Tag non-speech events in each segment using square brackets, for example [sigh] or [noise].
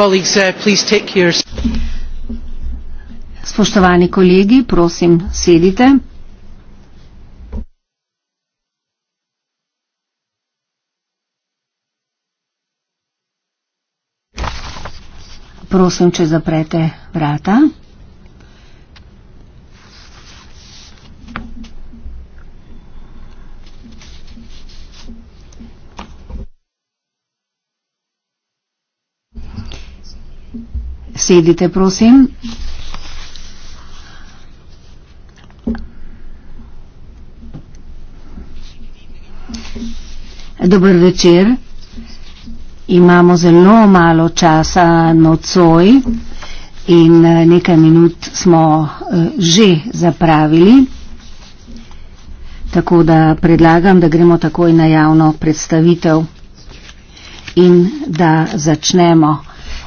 Uh, Spoštovani kolegi, prosim, sedite. Prosim, če zaprete vrata. sedite, prosim. Dobro večer. Imamo zelo malo časa nocoj in eh, nekaj minut smo eh, že zapravili. Tako da predlagam, da gremo takoj na javno predstavitev in da začnemo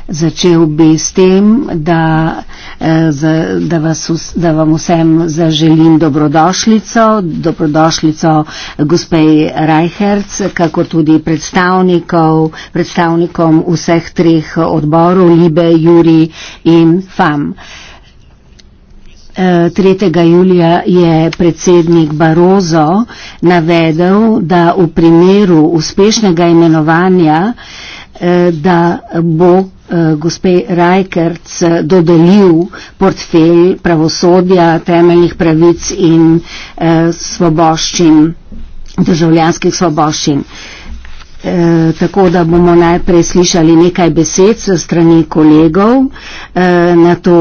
začel bi s tem, da, eh, da, vas, da vam vsem zaželim dobrodošlico, dobrodošlico gospej Reichertz, kako tudi predstavnikom vseh treh odborov, Libe, Juri in FAM. 3. Eh, julija je predsednik Barozo navedel, da v primeru uspešnega imenovanja, eh, da bo Eh, gospe Rajkerc eh, dodelil portfelj pravosodja, temeljnih pravic in eh, svoboščin, državljanskih svoboščin. E, tako da bomo najprej slišali nekaj besed s strani kolegov, e, na to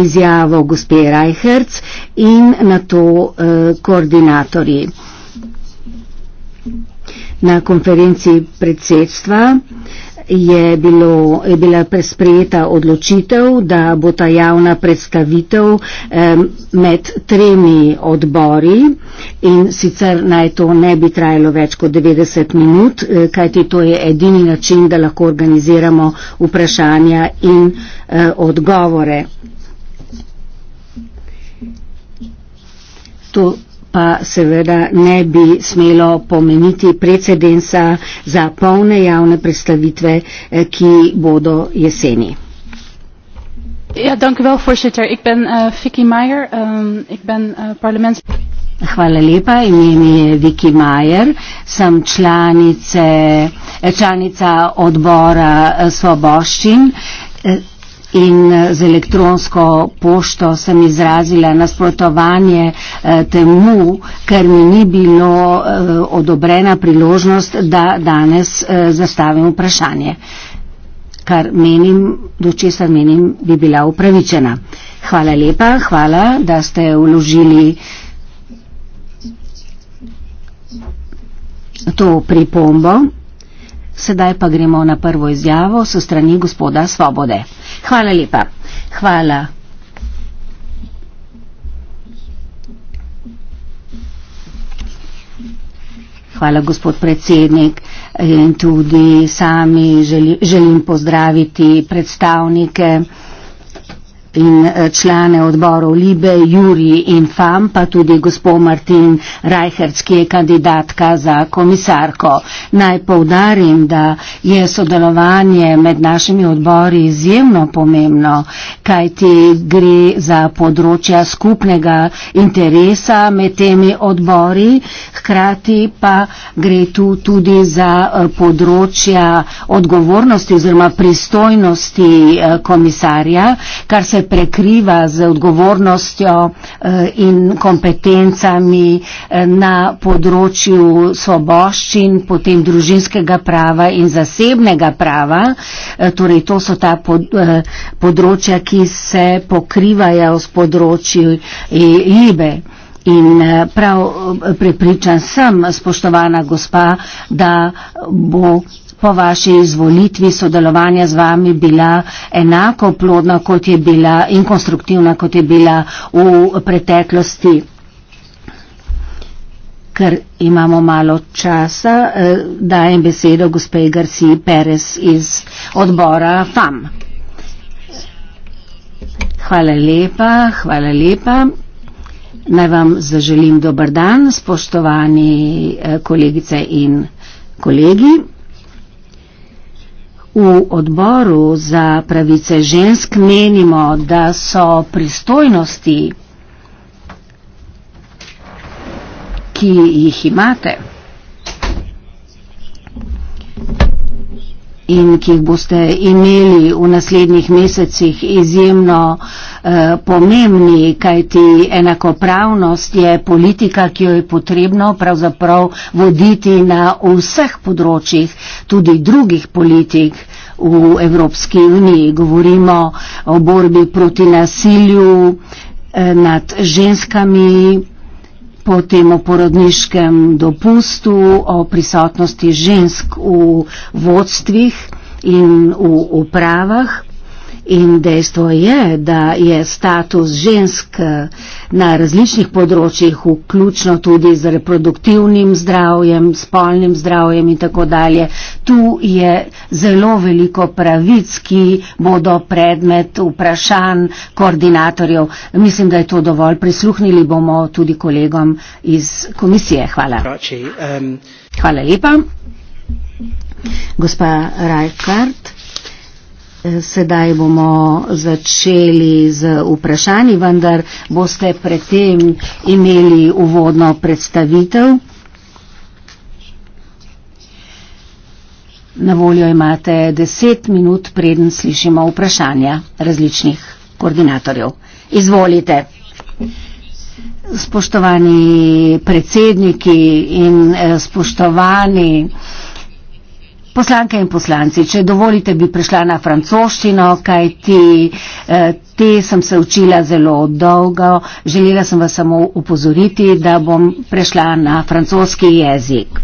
izjavo gospe Rajherc in na to e, koordinatorji. Na konferenci predsedstva e, je, bilo, je bila presprejeta odločitev, da bo ta javna predstavitev eh, med tremi odbori in sicer naj to ne bi trajalo več kot 90 minut, eh, kajti to je edini način, da lahko organiziramo vprašanja in eh, odgovore. To, pa seveda ne bi smelo pomeniti precedensa za polne javne predstavitve, eh, ki bodo jeseni. Ja, dank u wel, voorzitter. Ik ben uh, Vicky Meijer. Um, ik ben uh, parlements... Hvala lepa, ime mi je Viki Majer, sem članice, članica odbora svoboščin. E, in eh, z elektronsko pošto sem izrazila nasprotovanje eh, temu, ker mi ni bilo eh, odobrena priložnost, da danes zastavim vprašanje, kar menim, do česar menim, bi bila upravičena. Hvala lepa, hvala, da ste uložili to pripombo. Sedaj pa gremo na prvo izjavo so strani gospoda Svobode. Hvala lepa. Hvala. Hvala, gospod predsednik. In tudi sami želim pozdraviti predstavnike in eh, člane odborov Libe, Juri in FAM, pa tudi gospod Martin Rajherc, ki je kandidatka za komisarko. Naj povdarim, da je sodelovanje med našimi odbori izjemno pomembno, kajti gre za področja skupnega interesa med temi odbori, hkrati pa gre tu tudi za eh, področja odgovornosti oziroma pristojnosti eh, komisarja, kar se prekriva z odgovornostjo eh, in kompetencami eh, na področju svoboščin, potem družinskega prava in zasebnega prava. Eh, torej, to so ta področja, ki se pokrivajo s področji IBE. In eh, prav eh, prepričan sem, spoštovana gospa, da bo po vaši izvolitvi sodelovanja z vami bila enako plodna kot je bila in konstruktivna kot je bila v preteklosti. Ker imamo malo časa, eh, dajem besedo gospe Garci Perez iz odbora FAM. Hvala lepa, hvala lepa. Naj vam zaželim dober dan, spoštovani eh, kolegice in kolegi. V odboru za pravice žensk menimo, da so pristojnosti, ki jih imate, in ki jih boste imeli v naslednjih mesecih izjemno eh, pomembni, kajti enakopravnost je politika, ki jo je potrebno pravzaprav voditi na vseh področjih, tudi drugih politik v Evropski uniji. Govorimo o borbi proti nasilju eh, nad ženskami, po tem porodniškem dopustu, o prisotnosti žensk v vodstvih in v upravah. In dejstvo je, da je status žensk eh, na različnih področjih, vključno tudi z reproduktivnim zdravjem, spolnim zdravjem in tako dalje, tu je zelo veliko pravic, ki bodo predmet vprašanj koordinatorjev. Mislim, da je to dovolj. Prisluhnili bomo tudi kolegom iz komisije. Hvala. Hvala lepa. Gospa Rajkart. Sedaj bomo začeli z vprašanji, vendar boste predtem imeli uvodno predstavitev. Na voljo imate deset minut, preden slišimo vprašanja različnih koordinatorjev. Izvolite. Spoštovani predsedniki in eh, spoštovani. Poslanke in poslanci, če dovolite, bi prešla na francoščino, kaj ti, eh, te sem se učila zelo dolgo. Želela sem vas samo upozoriti, da bom prešla na francoski jezik.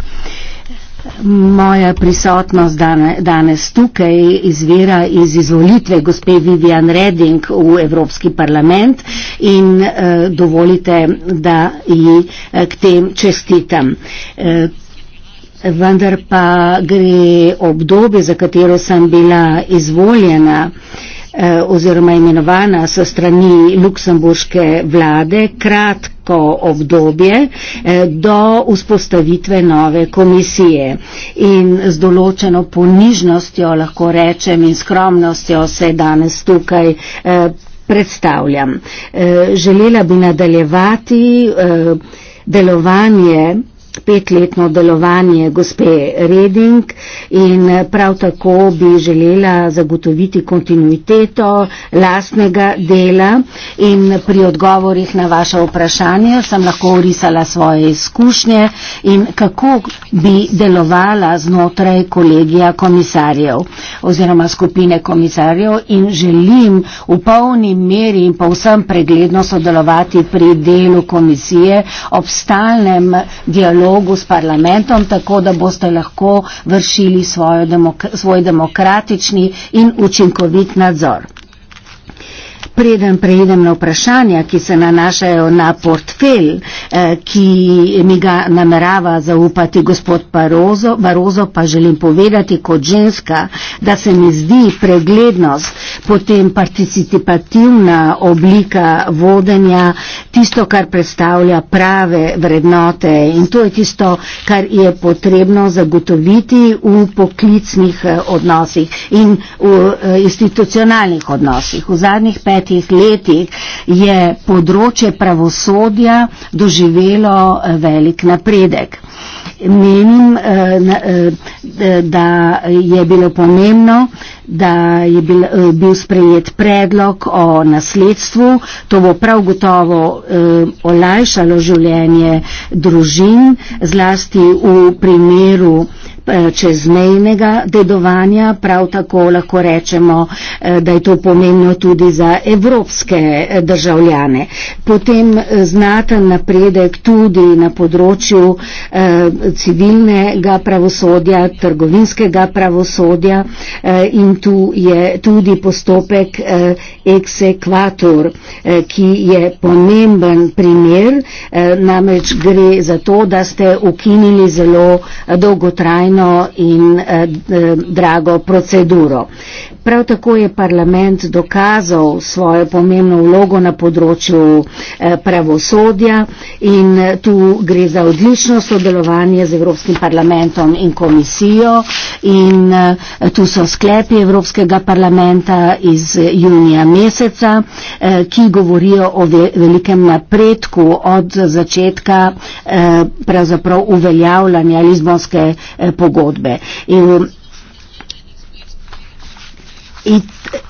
Moja prisotnost danes tukaj izvira iz izvolitve gospe Vivian Redding v Evropski parlament in eh, dovolite, da ji eh, k tem čestitam vendar pa gre obdobje, za katero sem bila izvoljena eh, oziroma imenovana so strani luksemburške vlade, kratko obdobje eh, do vzpostavitve nove komisije. In z določeno ponižnostjo lahko rečem in skromnostjo se danes tukaj eh, predstavljam. Želela bi nadaljevati delovanje petletno delovanje gospe Reding in eh, prav tako bi želela zagotoviti kontinuiteto lastnega dela in pri odgovorih na vaše vprašanje sem lahko risala svoje izkušnje in kako bi delovala znotraj kolegija komisarjev oziroma skupine komisarjev in želim v polni meri in povsem pregledno sodelovati pri delu komisije ob stalnem dialogu dialogu s parlamentom, tako da boste lahko vršili demok svoj demokratični in učinkovit nadzor. Preden preidem na vprašanja, ki se nanašajo na portfelj, eh, ki mi ga namerava zaupati gospod Barozo, Barozo pa želim povedati kot ženska, da se mi zdi preglednost, potem participativna oblika vodenja, tisto, kar predstavlja prave vrednote in to je tisto, kar je potrebno zagotoviti v poklicnih eh, odnosih in v eh, institucionalnih odnosih. V zadnjih petih desetih letih je področje pravosodja doživelo eh, velik napredek. Menim, eh, eh, da je bilo pomembno, da je bil sprejet predlog o nasledstvu. To bo prav gotovo olajšalo življenje družin, zlasti v primeru Eh, čezmejnega dedovanja, prav tako lahko rečemo, eh, da je to pomembno tudi za evropske eh, državljane. Potem znaten napredek tudi na področju civilnega pravosodja, trgovinskega pravosodja in tu je tudi postopek exequatur, ki je pomemben primer, namreč gre za to, da ste ukinili zelo dolgotrajno zahtevno in eh, drago proceduro. Prav tako je parlament dokazal svojo pomembno vlogo na področju eh, pravosodja in eh, tu gre za odlično sodelovanje z Evropskim parlamentom in komisijo in eh, tu so sklepi Evropskega parlamenta iz eh, junija meseca, eh, ki govorijo o ve velikem napredku od začetka eh, pravzaprav uveljavljanja Lizbonske eh, pogodbe. In um,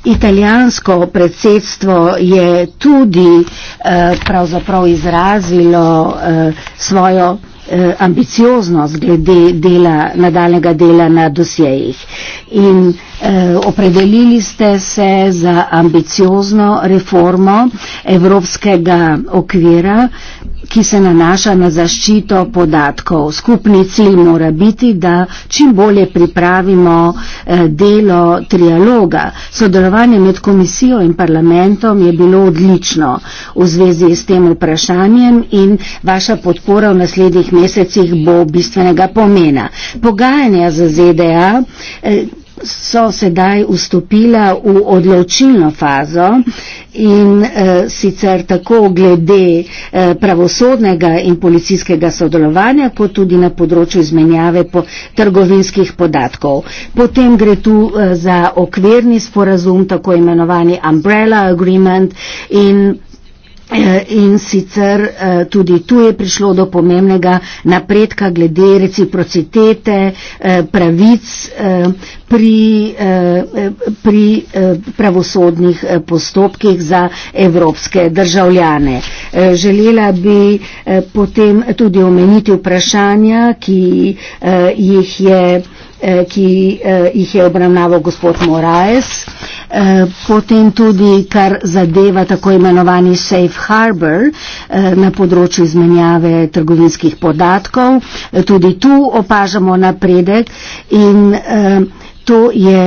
Italijansko predsedstvo je tudi eh, pravzaprav izrazilo eh, svojo eh, ambicioznost glede dela, nadaljnega dela na dosjejih. In Eh, opredelili ste se za ambiciozno reformo evropskega okvira, ki se nanaša na zaščito podatkov. Skupni cilj mora biti, da čim bolje pripravimo eh, delo trialoga. Sodelovanje med komisijo in parlamentom je bilo odlično v zvezi s tem vprašanjem in vaša podpora v naslednjih mesecih bo bistvenega pomena. Pogajanja za ZDA. Eh, so sedaj vstopila v odločilno fazo in e, sicer tako glede e, pravosodnega in policijskega sodelovanja, kot tudi na področju izmenjave po trgovinskih podatkov. Potem gre tu e, za okvirni sporazum, tako imenovani umbrella agreement in Eh, in sicer eh, tudi tu je prišlo do pomembnega napredka glede reciprocitete, eh, pravic pri, pri pravosodnih postopkih za evropske državljane. Želela bi potem tudi omeniti vprašanja, ki jih je Eh, ki eh, jih je obravnaval gospod Moraes. Eh, potem tudi, kar zadeva tako imenovani safe harbor na področju izmenjave trgovinskih podatkov. Tudi tu opažamo napredek in to je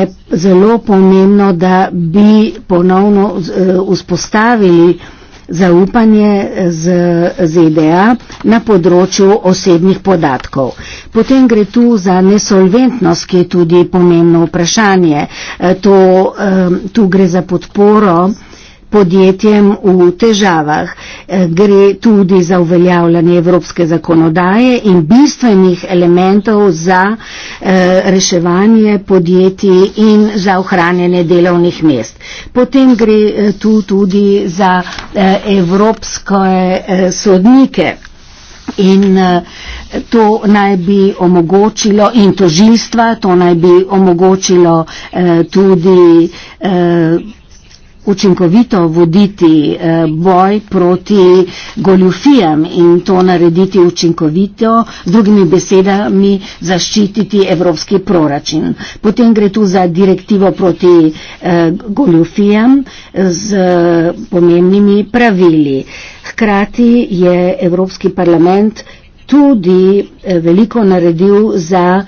zelo pomembno, da bi ponovno vzpostavili zaupanje eh, z ZDA na področju osebnih podatkov. Potem gre tu za nesolventnost, ki je tudi pomembno vprašanje. Eh, to, eh, tu gre za podporo podjetjem v težavah. Eh, gre tudi za uveljavljanje evropske zakonodaje in bistvenih elementov za eh, reševanje podjetij in za ohranjanje delovnih mest. Potem gre eh, tu tudi za evropske sodnike. In to naj bi omogočilo in tožilstva, to naj bi omogočilo eh, tudi. Eh, učinkovito voditi eh, boj proti goljufijam in to narediti učinkovito, z drugimi besedami zaščititi evropski proračun. Potem gre tu za direktivo proti eh, goljufijam z eh, pomembnimi pravili. Hkrati je Evropski parlament tudi veliko naredil za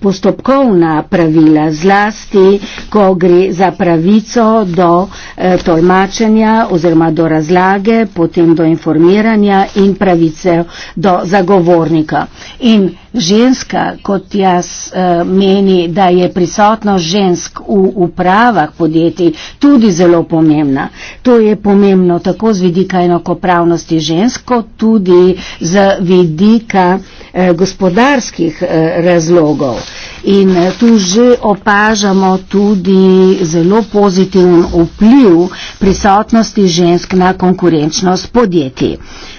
postopkovna pravila, zlasti ko gre za pravico do eh, tojmačenja oziroma do razlage, potem do informiranja in pravice do zagovornika. In ženska, kot jaz uh, meni, da je prisotnost žensk v upravah podjetij tudi zelo pomembna. To je pomembno tako z vidika enakopravnosti žensk, kot tudi z vidika uh, gospodarskih uh, razlogov. In uh, tu že opažamo tudi zelo pozitiven vpliv prisotnosti žensk na konkurenčnost podjetij. Uh,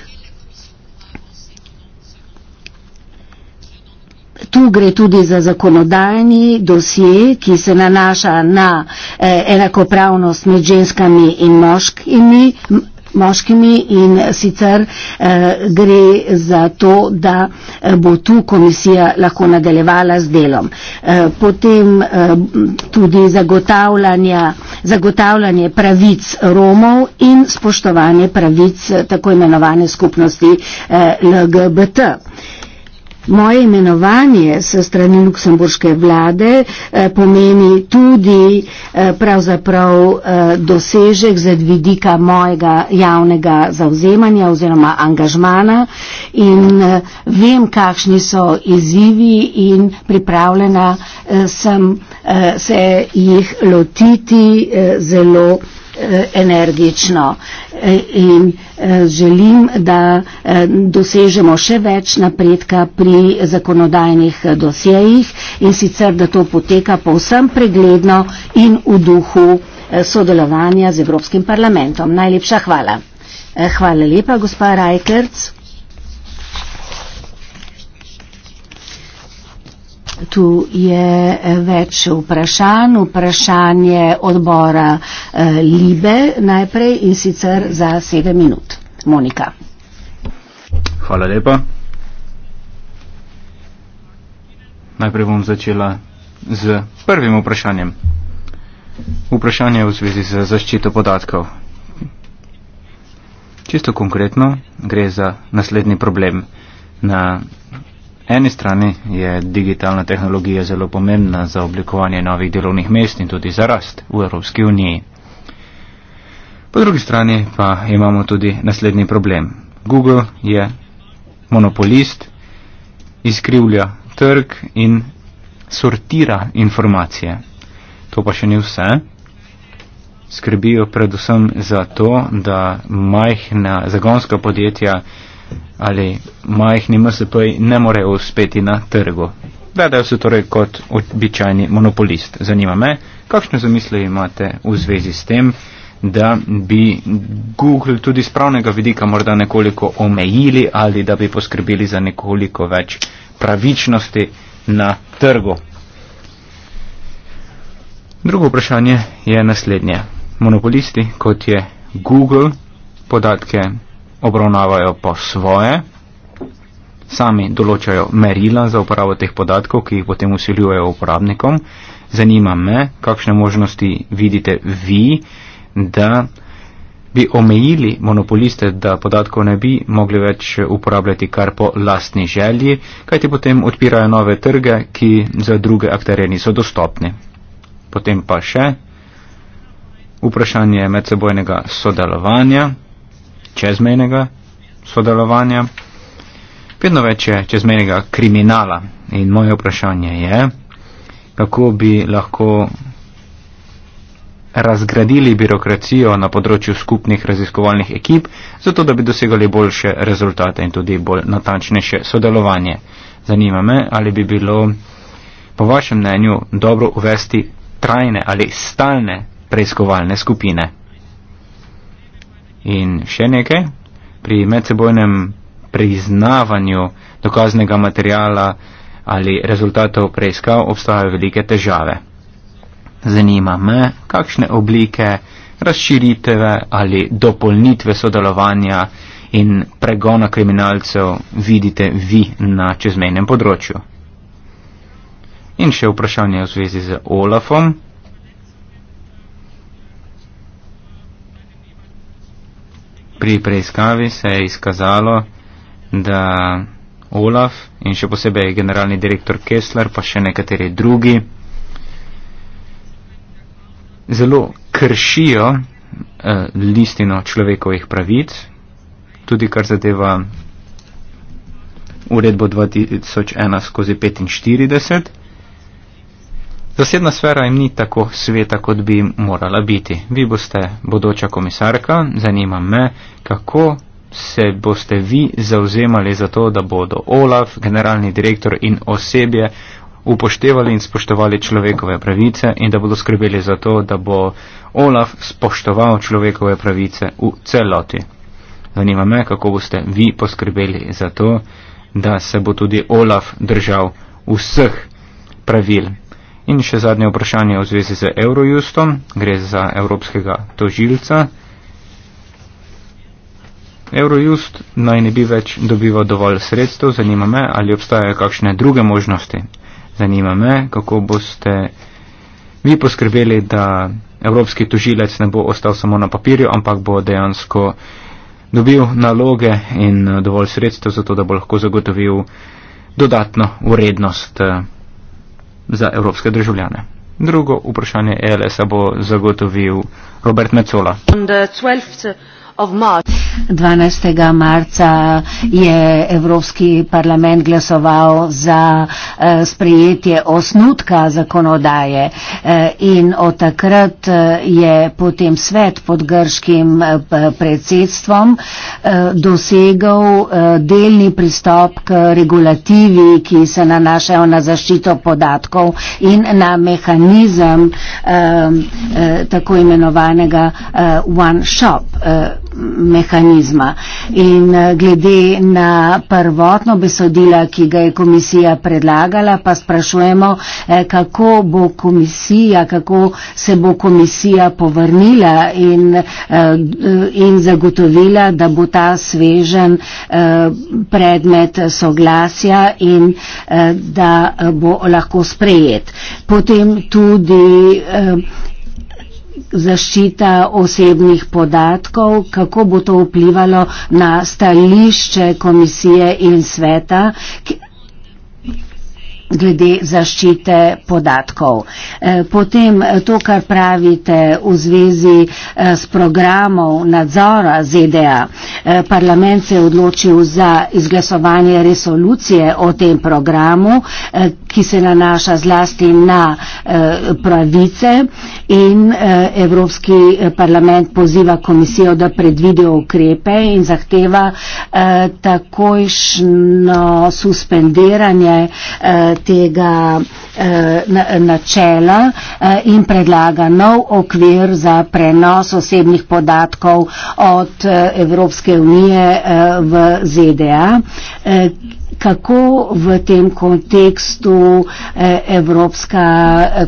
Tu gre tudi za zakonodajni dosje, ki se nanaša na eh, enakopravnost med ženskami in moškimi, moškimi in sicer eh, gre za to, da eh, bo tu komisija lahko nadaljevala z delom. Eh, potem eh, tudi zagotavljanje pravic Romov in spoštovanje pravic eh, tako imenovane skupnosti eh, LGBT. Eh, Moje imenovanje se strani luksemburške vlade eh, pomeni tudi eh, pravzaprav eh, dosežek z vidika mojega javnega zauzemanja oziroma angažmana in eh, vem, kakšni so izzivi in pripravljena eh, sem eh, se jih lotiti eh, zelo. Eh, energično eh, in eh, želim, da dosežemo še več napredka pri zakonodajnih dosjejih in sicer, da to poteka povsem pregledno in v duhu sodelovanja z Evropskim parlamentom. Najlepša hvala. Hvala lepa, gospa Rajkerc. Tu je eh, več vprašanj, vprašanje odbora eh, Libe najprej in sicer za sedem minut. Monika. Hvala lepa. Najprej bom začela z prvim vprašanjem. Vprašanje v zvezi z zaščito podatkov. Čisto konkretno gre za naslednji problem. Na eni strani je digitalna tehnologija zelo pomembna za oblikovanje novih delovnih mest in tudi za rast v Evropski uniji. Po drugi strani pa imamo tudi naslednji problem. Google je monopolist, izkrivlja trg in sortira informacije. To pa še ni vse. Skrbijo predvsem za to, da majhna zagonska podjetja ali majhni MSP ne morejo uspeti na trgu. Vedajo se torej kot običajni monopolist. Zanima me, kakšne zamisle imate v zvezi s tem, da bi Google tudi z pravnega vidika morda nekoliko omejili ali da bi poskrbeli za nekoliko več pravičnosti na trgu. Drugo vprašanje je naslednje. Monopolisti, kot je Google, podatke obravnavajo pa svoje, sami določajo merila za uporabo teh podatkov, ki jih potem usiljujejo uporabnikom. Zanima me, kakšne možnosti vidite vi, da bi omejili monopoliste, da podatkov ne bi mogli več uporabljati kar po lastni želji, kajti potem odpirajo nove trge, ki za druge akterje niso dostopni. Potem pa še vprašanje medsebojnega sodelovanja čezmejnega sodelovanja, vedno več je čezmejnega kriminala. In moje vprašanje je, kako bi lahko razgradili birokracijo na področju skupnih raziskovalnih ekip, zato da bi dosegali boljše rezultate in tudi bolj natančnejše sodelovanje. Zanima me, ali bi bilo po vašem mnenju dobro uvesti trajne ali stalne preiskovalne skupine. In še nekaj, pri medsebojnem priznavanju dokaznega materijala ali rezultatov preiskav obstajajo velike težave. Zanima me, kakšne oblike razširitve ali dopolnitve sodelovanja in pregona kriminalcev vidite vi na čezmejnem področju. In še vprašanje v zvezi z Olafom. Pri preiskavi se je izkazalo, da Olaf in še posebej generalni direktor Kessler pa še nekateri drugi zelo kršijo eh, listino človekovih pravic, tudi kar zadeva uredbo 2001 skozi 45. Zasebna sfera jim ni tako sveta, kot bi morala biti. Vi boste bodoča komisarka, zanima me, kako se boste vi zauzemali za to, da bodo Olaf, generalni direktor in osebje upoštevali in spoštovali človekove pravice in da bodo skrbeli za to, da bo Olaf spoštoval človekove pravice v celoti. Zanima me, kako boste vi poskrbeli za to, da se bo tudi Olaf držal vseh pravil. In še zadnje vprašanje v zvezi z Eurojustom. Gre za evropskega tožilca. Eurojust naj ne bi več dobival dovolj sredstev. Zanima me, ali obstajajo kakšne druge možnosti. Zanima me, kako boste vi poskrbeli, da evropski tožilec ne bo ostal samo na papirju, ampak bo dejansko dobil naloge in eh, dovolj sredstev za to, da bo lahko zagotovil dodatno urednost. Uh, eh, za evropske državljane. Drugo vprašanje ELS-a bo zagotovil Robert Mecola. 12. marca. 12. marca je Evropski parlament glasoval za eh, sprejetje osnutka zakonodaje eh, in od takrat eh, je potem svet pod grškim predsedstvom dosegal delni pristop k regulativi, ki se nanašajo na zaščito podatkov in na mehanizem tako imenovanega one shop mehanizma. In eh, glede na prvotno besodila, ki ga je komisija predlagala, pa sprašujemo, eh, kako bo komisija, kako se bo komisija povrnila in, eh, in zagotovila, da bo ta svežen predmet soglasja in da bo lahko sprejet. Potem tudi zaščita osebnih podatkov, kako bo to vplivalo na stališče komisije in sveta, ki, glede zaščite podatkov. E, potem e, to, kar pravite v zvezi e, s programov nadzora ZDA. Parlament se je odločil za izglasovanje resolucije o tem programu, ki se nanaša zlasti na pravice in Evropski parlament poziva komisijo, da predvide ukrepe in zahteva takojšno suspendiranje tega eh, načela eh, in predlaga nov okvir za prenos osebnih podatkov od eh, Evropske unije v ZDA. Kako v tem kontekstu Evropska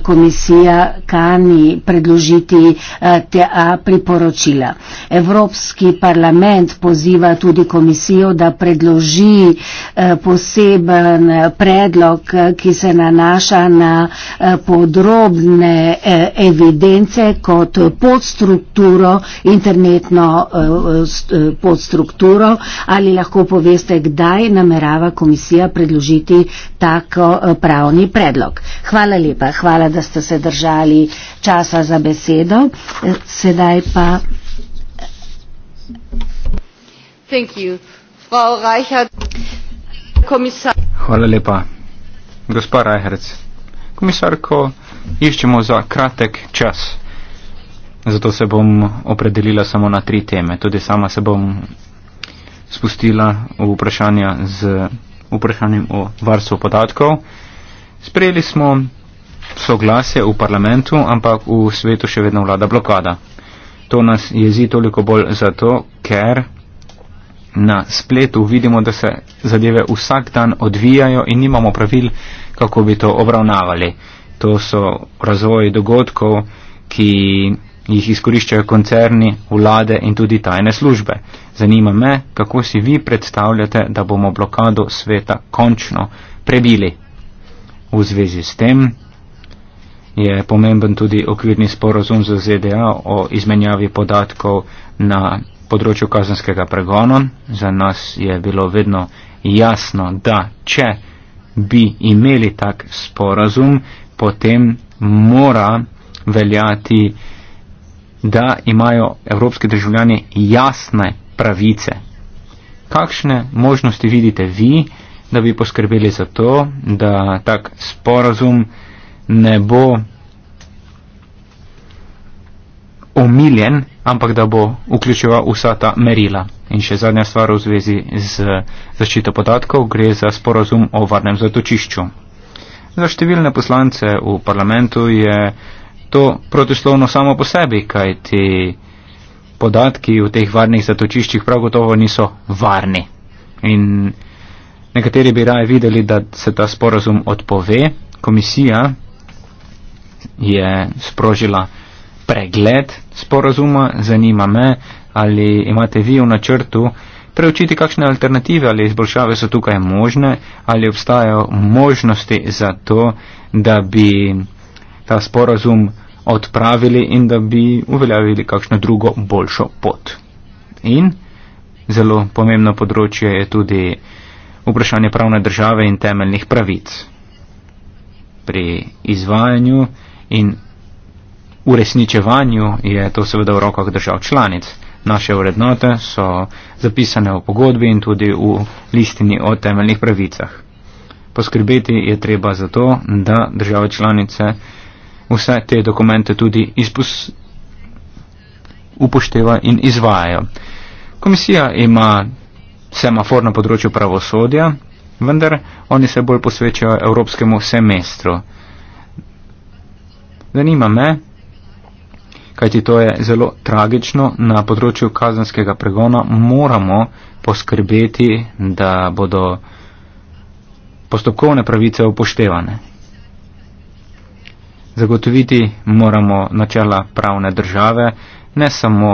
komisija kani predložiti ta priporočila? Evropski parlament poziva tudi komisijo, da predloži poseben predlog Eh, ki se nanaša na eh, podrobne eh, evidence kot podstrukturo, internetno podstrukturo. Ali lahko poveste, kdaj namerava komisija predložiti tako pravni predlog? Hvala lepa, hvala, da ste se držali časa za besedo. Sedaj pa. Thank you. Frau Reichert, Kommissar. Hvala lepa gospa Rajherc, komisarko iščemo za kratek čas. Zato se bom opredelila samo na tri teme. Tudi sama se bom spustila v vprašanja z vprašanjem o varstvu podatkov. Sprejeli smo soglasje v parlamentu, ampak v svetu še vedno vlada blokada. To nas jezi toliko bolj zato, ker na spletu vidimo, da se zadeve vsak dan odvijajo in nimamo pravil, kako bi to obravnavali. To so razvoji dogodkov, ki jih izkoriščajo koncerni, vlade in tudi tajne službe. Zanima me, kako si vi predstavljate, da bomo blokado sveta končno prebili. V zvezi s tem je pomemben tudi okvirni sporozum za ZDA o izmenjavi podatkov na področju kazenskega pregona. Za nas je bilo vedno jasno, da če bi imeli tak sporazum, potem mora veljati, da imajo evropski državljani jasne pravice. Kakšne možnosti vidite vi, da bi poskrbeli za to, da tak sporazum ne bo omiljen ampak da bo vključeval vsa ta merila. In še zadnja stvar v zvezi z zaščito podatkov, gre za sporazum o varnem zatočišču. Za številne poslance v parlamentu je to protislovno samo po sebi, kajti podatki v teh varnih zatočiščih prav gotovo niso varni. In nekateri bi raje videli, da se ta sporazum odpove. Komisija je sprožila pregled sporazuma, zanima me, ali imate vi v načrtu preučiti, kakšne alternative ali izboljšave so tukaj možne, ali obstajajo možnosti za to, da bi ta sporazum odpravili in da bi uveljavili kakšno drugo boljšo pot. In zelo pomembno področje je tudi vprašanje pravne države in temeljnih pravic pri izvajanju in uresničevanju je to seveda v rokah držav članic. Naše vrednote so zapisane v pogodbi in tudi v listini o temeljnih pravicah. Poskrbeti je treba za to, da države članice vse te dokumente tudi upošteva in izvajajo. Komisija ima semafor na področju pravosodja, vendar oni se bolj posvečajo evropskemu semestru. Zanima me, kajti to je zelo tragično. Na področju kazanskega pregona moramo poskrbeti, da bodo postopkovne pravice upoštevane. Zagotoviti moramo načela pravne države, ne samo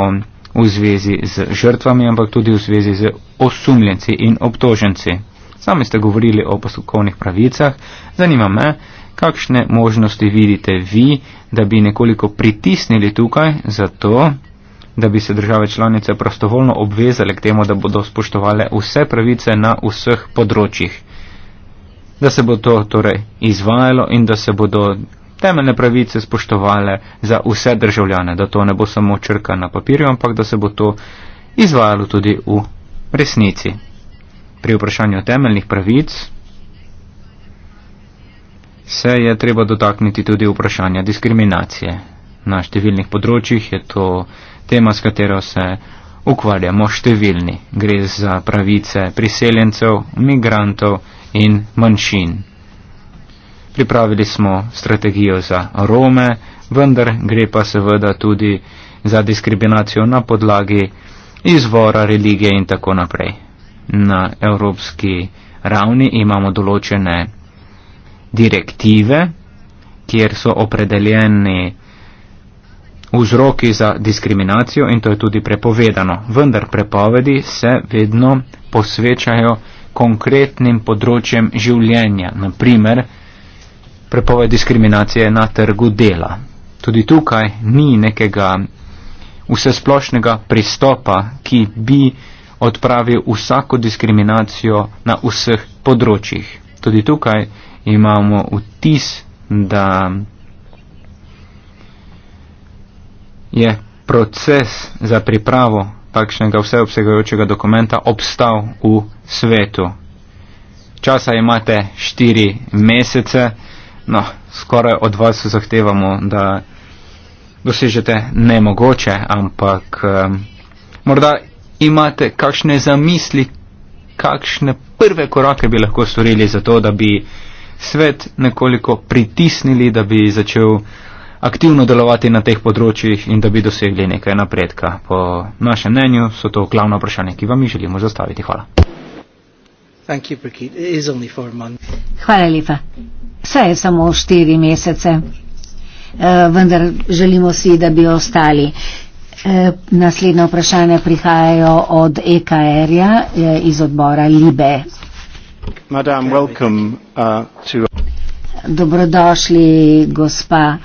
v zvezi z žrtvami, ampak tudi v zvezi z osumljenci in obtoženci. Sami ste govorili o postopkovnih pravicah. Zanima me, kakšne možnosti vidite vi, da bi nekoliko pritisnili tukaj za to, da bi se države članice prostovoljno obvezale k temu, da bodo spoštovale vse pravice na vseh področjih. Da se bo to torej izvajalo in da se bodo temeljne pravice spoštovale za vse državljane, da to ne bo samo črka na papirju, ampak da se bo to izvajalo tudi v resnici. Pri vprašanju temeljnih pravic se je treba dotakniti tudi vprašanja diskriminacije. Na številnih področjih je to tema, s katero se ukvarjamo številni. Gre za pravice priseljencev, migrantov in manjšin. Pripravili smo strategijo za Rome, vendar gre pa seveda tudi za diskriminacijo na podlagi izvora religije in tako naprej. Na evropski ravni imamo določene direktive, kjer so opredeljeni vzroki za diskriminacijo in to je tudi prepovedano. Vendar prepovedi se vedno posvečajo konkretnim področjem življenja, naprimer prepoved diskriminacije na trgu dela. Tudi tukaj ni nekega vsesplošnega pristopa, ki bi odpravil vsako diskriminacijo na vseh področjih. Tudi tukaj imamo vtis, da je proces za pripravo takšnega vseobsegajočega dokumenta obstal v svetu. Časa imate štiri mesece, no, skoraj od vas zahtevamo, da dosežete nemogoče, ampak um, morda imate kakšne zamisli, kakšne prve korake bi lahko storili za to, da bi uh, svet nekoliko pritisnili, da bi začel aktivno delovati na teh področjih in da bi dosegli nekaj napredka. Po našem mnenju so to glavna vprašanja, ki vam jih želimo zastaviti. Hvala. Hvala lepa. Vse je samo štiri mesece, uh, vendar želimo si, da bi ostali. Eh, Naslednje vprašanje prihajajo od EKR-ja eh, iz odbora Libe. Madam, welcome uh, to. Dobrodošli, gospa.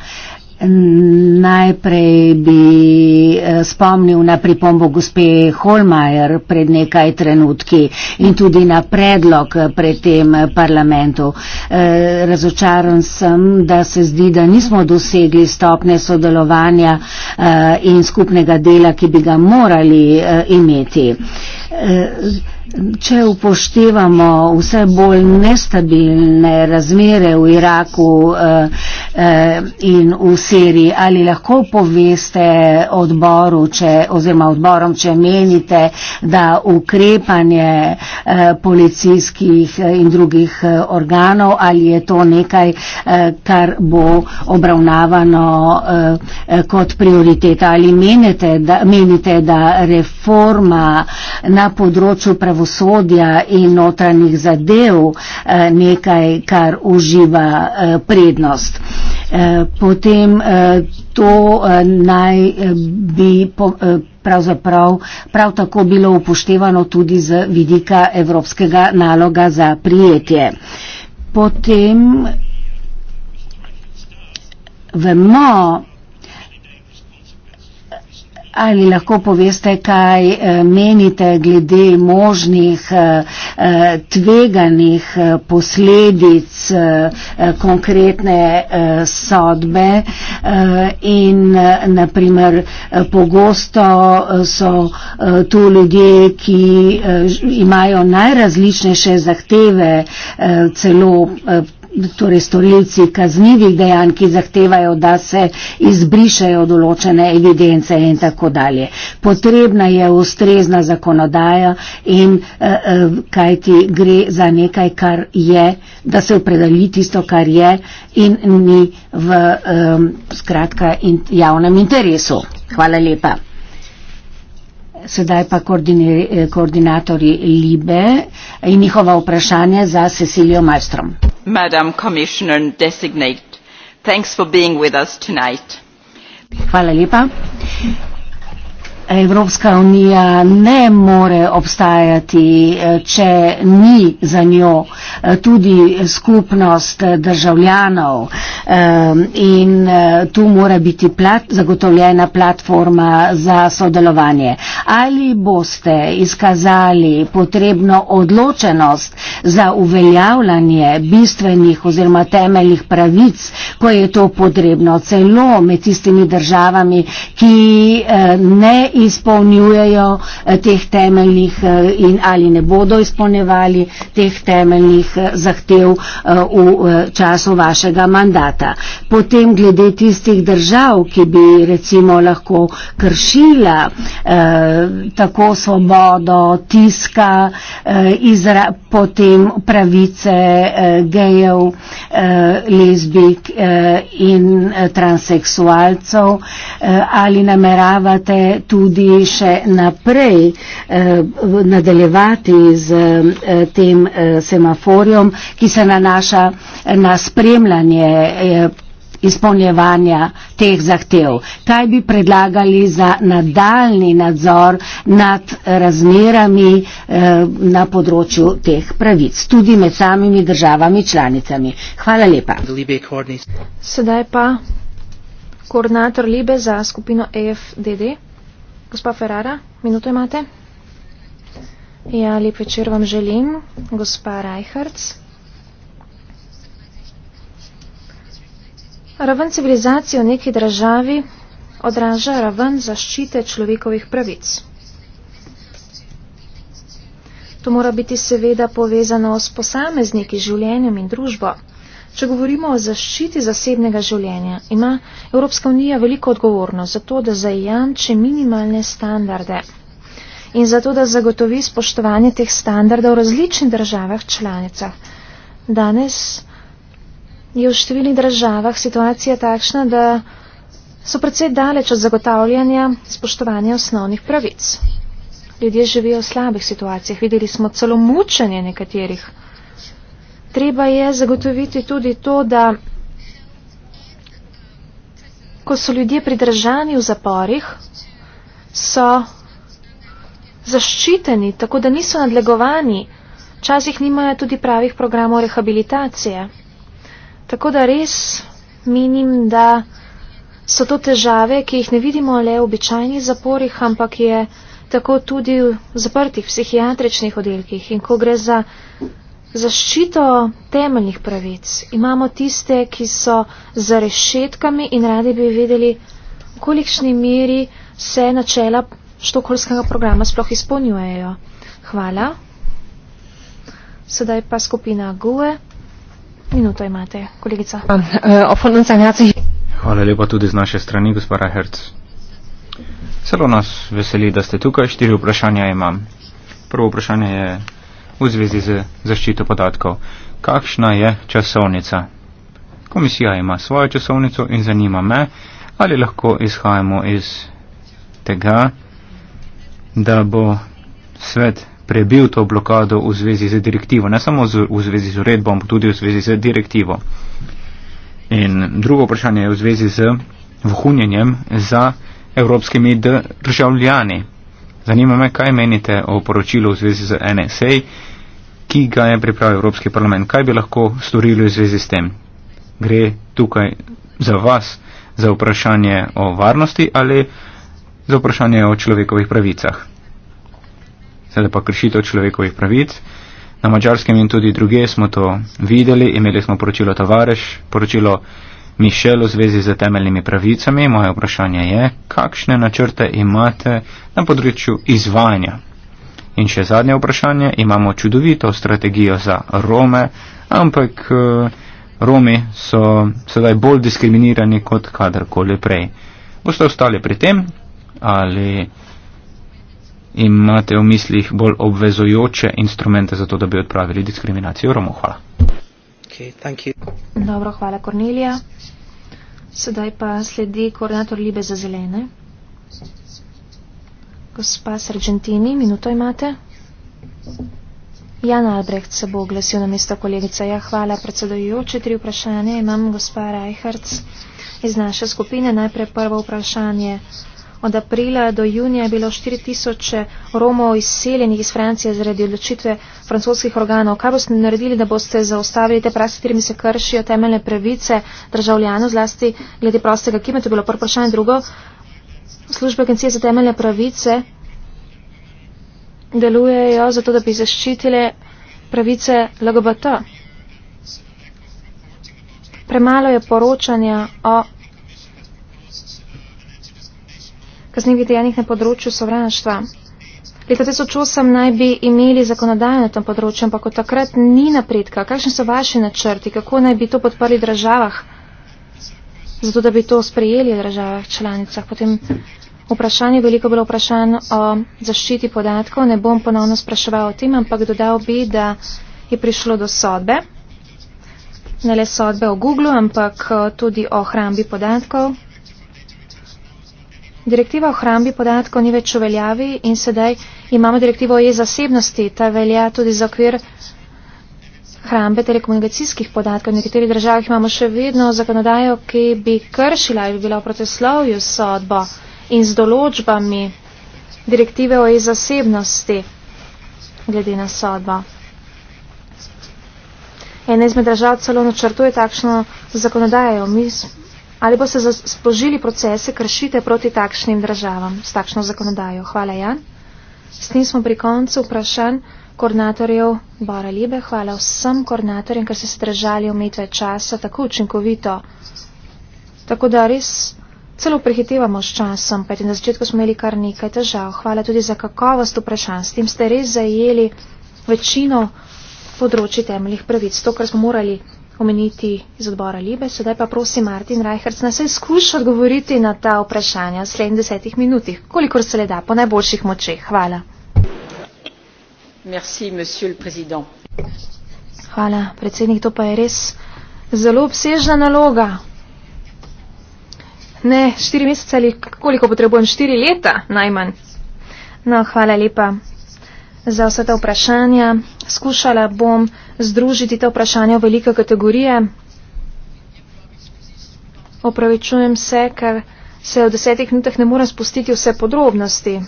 Najprej bi eh, spomnil na pripombo gospe Holmajer pred nekaj trenutki in tudi na predlog eh, pred tem parlamentu. Eh, razočaran sem, da se zdi, da nismo dosegli stopne sodelovanja in skupnega dela, ki bi ga morali imeti. Če upoštevamo vse bolj nestabilne razmere v Iraku eh, eh, in v Siriji, ali lahko poveste odboru, če, oziroma odborom, če menite, da ukrepanje eh, policijskih eh, in drugih eh, organov, ali je to nekaj, eh, kar bo obravnavano eh, eh, kot prioriteta, ali menite, da, menite, da reforma na področju pravosodja pravosodja in notranjih zadev eh, nekaj, kar uživa eh, prednost. Eh, potem to naj bi pravzaprav prav tako bilo upoštevano tudi z vidika evropskega naloga za prijetje. Potem vemo, Ali lahko poveste, kaj eh, menite glede možnih eh, eh, tveganih posledic konkretne sodbe in naprimer pogosto so tu ljudje, ki imajo najrazličnejše zahteve celo torej storilci kaznjivih dejanj, ki zahtevajo, da se izbrišajo določene evidence in tako dalje. Potrebna je ustrezna zakonodaja in eh, eh, kaj ti gre za nekaj, kar je, da se opredeli tisto, kar je in ni v skratka in javnem interesu. Hvala lepa. Sedaj pa eh, koordinatorji Libe in njihova vprašanja za Cecilijo Majstrom madam commissioner designate thanks for being with us tonight. Evropska unija ne more obstajati, eh, če ni za njo eh, tudi skupnost eh, državljanov ehm, in tu mora biti plat, zagotovljena platforma za sodelovanje. Ali boste izkazali potrebno odločenost za uveljavljanje bistvenih oziroma temeljih pravic, ko je to potrebno celo med tistimi državami, ki ne izkazali izpolnjujejo eh, teh temeljnih eh, in ali ne bodo izpolnjevali teh temeljnih eh, zahtev v času vašega mandata. Potem glede tistih držav, ki bi recimo lahko kršila tako svobodo tiska, izra, potem pravice gejev, lezbik in transeksualcev, ali nameravate tu tudi še naprej eh, nadaljevati z eh, tem eh, semaforjem, ki se nanaša eh, na spremljanje eh, izpolnjevanja teh zahtev. Kaj bi predlagali za nadaljni nadzor nad razmerami eh, na področju teh pravic, tudi med samimi državami članicami? Hvala lepa. Sedaj pa. Koordinator Libe za skupino EFDD. Gospa Ferrara, minuto imate. Ja, lep večer vam želim. Gospa Reichertz. Raven civilizacije v neki državi odraža raven zaščite človekovih pravic. To mora biti seveda povezano s posamezniki življenjem in družbo. Če govorimo o zaščiti zasebnega življenja, ima Evropska unija veliko odgovornost za to, da zajamči minimalne standarde in za to, da zagotovi spoštovanje teh standardov v različnih državah članicah. Danes je v številnih državah situacija takšna, da so precej daleč od zagotavljanja spoštovanja osnovnih pravic. Ljudje živijo v slabih situacijah, videli smo celo mučenje nekaterih treba je zagotoviti tudi to, da ko so ljudje pridržani v zaporih, so zaščiteni, tako da niso nadlegovani, včasih nimajo tudi pravih programov rehabilitacije. Tako da res menim, da so to težave, ki jih ne vidimo le v običajnih zaporih, ampak je tako tudi v zaprtih psihiatričnih oddelkih. In ko gre za zaščito temeljnih pravic. Imamo tiste, ki so za rešetkami in radi bi vedeli, v kolikšni meri se načela štokholskega programa sploh izpolnjujejo. Hvala. Sedaj pa skupina GUE. Minuto imate, kolegica. Hvala lepa tudi z naše strani, gospoda Herc. Celo nas veseli, da ste tukaj. Štiri vprašanja imam. Prvo vprašanje je v zvezi z zaščito podatkov. Kakšna je časovnica? Komisija ima svojo časovnico in zanima me, ali lahko izhajamo iz tega, da bo svet prebil to blokado v zvezi z direktivo, ne samo z, v zvezi z uredbo, ampak tudi v zvezi z direktivo. In drugo vprašanje je v zvezi z vohunjenjem za evropskimi državljani. Zanima me, kaj menite o poročilu v zvezi z NSA ki ga je pripravil Evropski parlament. Kaj bi lahko storili v zvezi s tem? Gre tukaj za vas, za vprašanje o varnosti ali za vprašanje o človekovih pravicah? Sedaj pa kršitev človekovih pravic. Na mačarskem in tudi druge smo to videli, imeli smo poročilo Tavareš, poročilo Mišel v zvezi z temeljnimi pravicami. Moje vprašanje je, kakšne načrte imate na področju izvajanja In še zadnje vprašanje, imamo čudovito strategijo za Rome, ampak eh, Romi so sedaj bolj diskriminirani kot kadarkoli prej. Boste ostali pri tem ali imate v mislih bolj obvezojoče instrumente za to, da bi odpravili diskriminacijo Romov? Hvala. Okay, Dobro, hvala Kornelija. Sedaj pa sledi koordinator Libe za zelene. Gospa Sargentini, minuto imate. Jan Albrecht se bo oglasil na mesto kolegica. Ja, hvala, predsedojoči. Tri vprašanje imam, gospa Reichertz iz naše skupine. Najprej prvo vprašanje. Od aprila do junija je bilo 4000 Romov izseljenih iz Francije zaradi odločitve francoskih organov. Kaj boste naredili, da boste zaustavili te prakse, kterimi se kršijo temeljne pravice državljanov, zlasti glede prostega kima? To je bilo prvo vprašanje. Drugo, službe agencije za temeljne pravice delujejo zato, da bi zaščitile pravice LGBT. Premalo je poročanja o kaznjivih dejanjih na področju sovraštva. Leta 2008 naj bi imeli zakonodajo na tem področju, ampak od takrat ni napredka. Kakšni so vaši načrti, kako naj bi to podprli državah, zato da bi to sprejeli v državah članicah? Potem vprašanje, veliko bilo vprašanj o zaščiti podatkov. Ne bom ponovno spraševal o tem, ampak dodal bi, da je prišlo do sodbe. Ne le sodbe o Google, ampak tudi o hrambi podatkov. Direktiva o hrambi podatkov ni več uveljavi in sedaj imamo direktivo o e-zasebnosti. Ta velja tudi za okvir hrambe telekomunikacijskih podatkov. V nekaterih državah imamo še vedno zakonodajo, ki bi kršila, bi bila v proteslovju sodbo. So in z določbami direktive o e-zasebnosti glede na sodba. Ena izmed držav celo načrtuje takšno zakonodajo. Mi ali boste spožili procese, kršite proti takšnim državam s takšno zakonodajo. Hvala, Jan. S tem smo pri koncu vprašanj koordinatorjev Bora Libe. Hvala vsem koordinatorjem, ker ste se držali omejitve časa tako učinkovito. Tako da res celo prehitevamo s časom, kajti na začetku smo imeli kar nekaj težav. Hvala tudi za kakovost vprašanj. S tem ste res zajeli večino področji temeljih pravic, to, kar smo morali omeniti iz odbora Libe. Sedaj pa prosim Martin Reichert, da se skuša odgovoriti na ta vprašanja v slednjih desetih minutih, kolikor se le da, po najboljših močeh. Hvala. Merci, Hvala, predsednik, to pa je res zelo obsežna naloga. Ne, štiri mesece ali koliko potrebujem, štiri leta najmanj. No, hvala lepa za vse ta vprašanja. Skušala bom združiti ta vprašanja v velike kategorije. Opravičujem se, ker se v desetih minutah ne morem spustiti vse podrobnosti.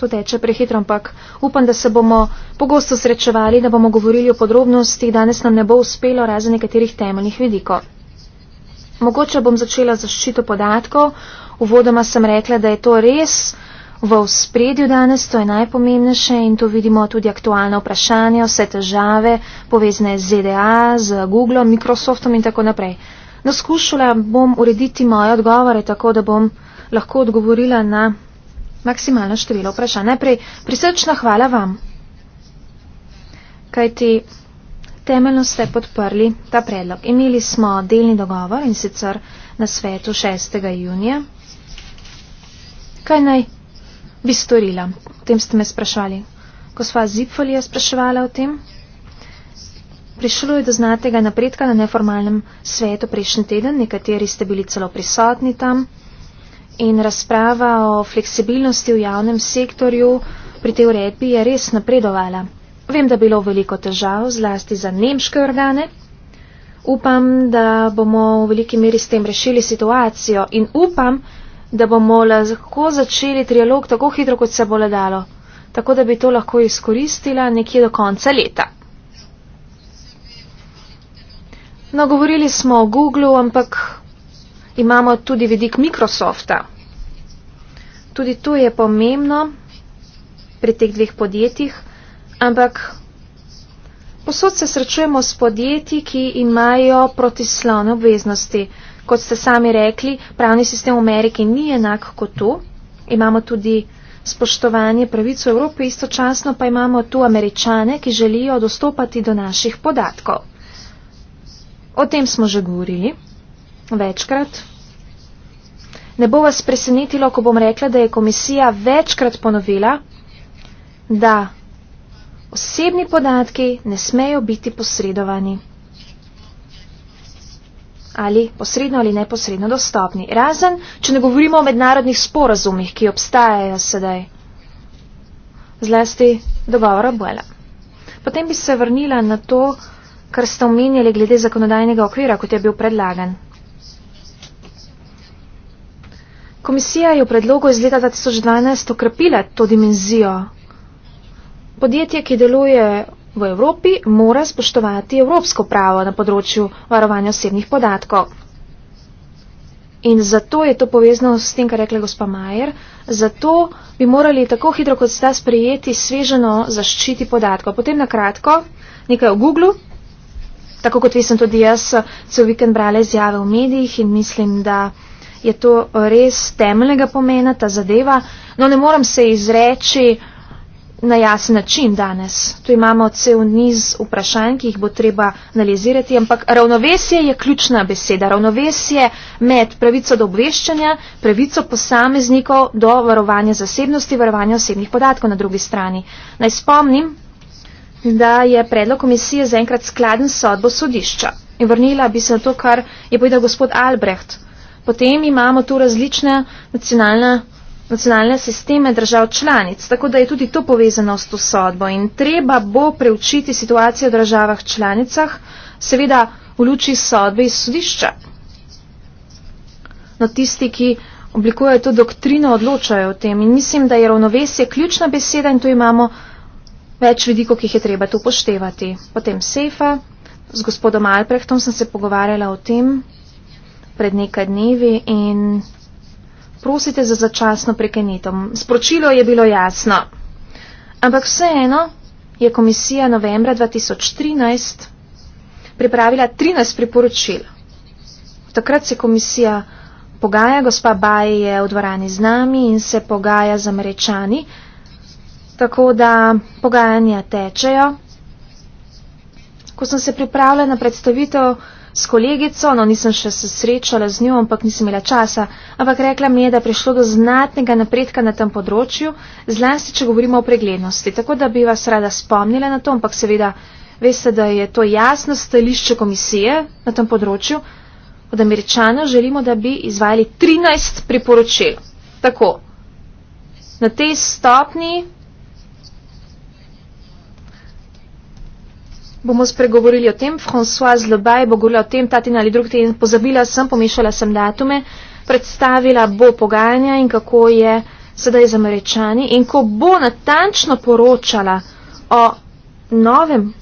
To teče prehitro, ampak upam, da se bomo pogosto srečevali, da bomo govorili o podrobnostih. Danes nam ne bo uspelo razen nekaterih temeljnih vidikov. Mogoče bom začela zaščito podatkov. Uvodoma sem rekla, da je to res v spredju danes, to je najpomembnejše in to vidimo tudi aktualne vprašanja, vse težave povezne z ZDA, z Googlom, Microsoftom in tako naprej. Naskušala no, bom urediti moje odgovore tako, da bom lahko odgovorila na maksimalno število vprašanj. Najprej prisrčna hvala vam, kajti temeljno ste podprli ta predlog. Imeli smo delni dogovor in sicer na svetu 6. junija. Kaj naj bi storila? O tem ste me sprašvali. Gospa Zipfoli je spraševala o tem. Prišlo je do znatega napredka na neformalnem svetu prejšnji teden, nekateri ste bili celo prisotni tam in razprava o fleksibilnosti v javnem sektorju pri tej uredbi je res napredovala. Vem, da je bilo veliko težav, zlasti za nemške organe. Upam, da bomo v veliki meri s tem rešili situacijo in upam, da bomo lahko začeli trialog tako hitro, kot se bo le dalo, tako da bi to lahko izkoristila nekje do konca leta. No, govorili smo o Googlu, ampak imamo tudi vidik Microsofta. Tudi to je pomembno pri teh dveh podjetjih ampak posod se srečujemo s podjetji, ki imajo protislone obveznosti. Kot ste sami rekli, pravni sistem v Ameriki ni enak kot tu. Imamo tudi spoštovanje pravic v Evropi, istočasno pa imamo tu američane, ki želijo dostopati do naših podatkov. O tem smo že govorili večkrat. Ne bo vas presenetilo, ko bom rekla, da je komisija večkrat ponovila, da Osebni podatki ne smejo biti posredovani ali posredno ali neposredno dostopni. Razen, če ne govorimo o mednarodnih sporazumih, ki obstajajo sedaj, zlasti dogovora Buela. Potem bi se vrnila na to, kar ste omenjali glede zakonodajnega okvira, kot je bil predlagan. Komisija je v predlogu iz leta 2012 okrepila to dimenzijo Podjetje, ki deluje v Evropi, mora spoštovati evropsko pravo na področju varovanja osebnih podatkov. In zato je to povezano s tem, kar rekla gospa Majer, zato bi morali tako hitro kot sta sprejeti sveženo zaščiti podatkov. Potem na kratko nekaj o Google. Tako kot vesem tudi jaz, cel vikend brala izjave v medijih in mislim, da je to res temeljnega pomena ta zadeva. No, ne moram se izreči na jas način danes. Tu imamo cel niz vprašanj, ki jih bo treba analizirati, ampak ravnovesje je ključna beseda. Ravnovesje med pravico do obveščanja, pravico posameznikov do varovanja zasebnosti, varovanja osebnih podatkov na drugi strani. Naj spomnim, da je predlog komisije zaenkrat skladen sodbo sodišča. In vrnila bi se na to, kar je povedal gospod Albrecht. Potem imamo tu različne nacionalne nacionalne sisteme držav članic, tako da je tudi to povezano s to sodbo in treba bo preučiti situacijo v državah članicah, seveda v luči sodbe iz sodišča. No tisti, ki oblikujejo to doktrino, odločajo o tem in mislim, da je ravnovesje ključna beseda in tu imamo več vidikov, ki jih je treba tu poštevati. Potem sefa, z gospodom Alprehtom sem se pogovarjala o tem pred nekaj dnevi in prosite za začasno prekenitev. Sporočilo je bilo jasno. Ampak vseeno je komisija novembra 2013 pripravila 13 priporočil. Takrat se komisija pogaja, gospa Baj je v dvorani z nami in se pogaja z američani, tako da pogajanja tečejo. Ko sem se pripravljala na predstavitev, s kolegico, no nisem še se srečala z njo, ampak nisem imela časa, ampak rekla mi je, da je prišlo do znatnega napredka na tem področju, zlasti, če govorimo o preglednosti. Tako da bi vas rada spomnila na to, ampak seveda veste, da je to jasno stališče komisije na tem področju. Od američana želimo, da bi izvajali 13 priporočil. Tako. Na tej stopni bomo spregovorili o tem. François Lebaj bo govoril o tem ta teden ali drugi teden. Pozabila sem, pomešala sem datume, predstavila bo pogajanja in kako je sedaj z američani. In ko bo natančno poročala o novem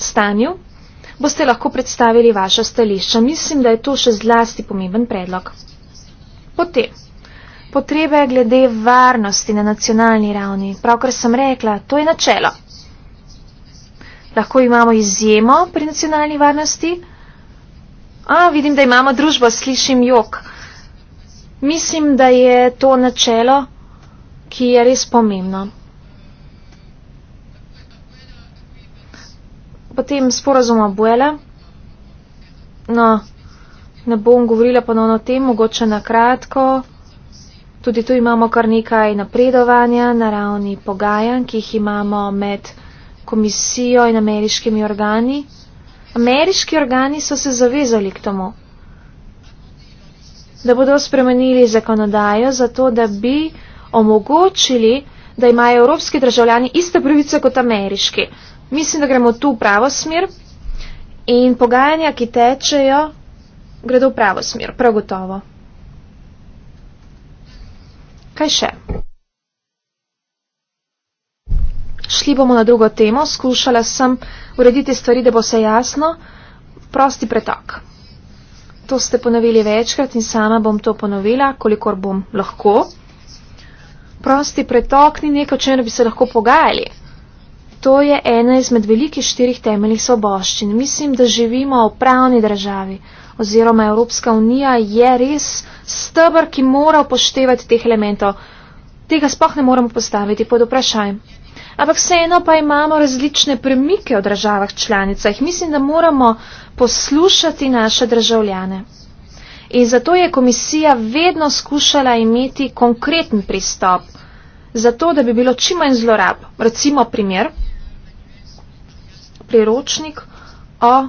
stanju, boste lahko predstavili vaša stališča. Mislim, da je to še zlasti pomemben predlog. Potem. Potrebe glede varnosti na nacionalni ravni. Pravkar sem rekla, to je načelo lahko imamo izjemo pri nacionalni varnosti. A, vidim, da imamo družbo, slišim jok. Mislim, da je to načelo, ki je res pomembno. Potem sporazum Abuela. No, ne bom govorila ponovno o tem, mogoče na kratko. Tudi tu imamo kar nekaj napredovanja na ravni pogajanj, ki jih imamo med komisijo in ameriškimi organi. Ameriški organi so se zavezali k tomu, da bodo spremenili zakonodajo zato, da bi omogočili, da imajo evropski državljani iste pravice kot ameriški. Mislim, da gremo tu v pravo smer in pogajanja, ki tečejo, gredo v pravo smer, prav gotovo. Kaj še? Šli bomo na drugo temo, skušala sem urediti stvari, da bo se jasno. Prosti pretok. To ste ponovili večkrat in sama bom to ponovila, kolikor bom lahko. Prosti pretok ni nekaj, o čem bi se lahko pogajali. To je ena izmed velikih štirih temeljih svoboščin. Mislim, da živimo v pravni državi oziroma Evropska unija je res stebr, ki mora upoštevati teh elementov. Tega spoh ne moremo postaviti pod vprašanjem ampak vseeno pa imamo različne premike v državah članicah. Mislim, da moramo poslušati naše državljane. In zato je komisija vedno skušala imeti konkreten pristop, zato da bi bilo čim manj zlorab. Recimo primer, priročnik o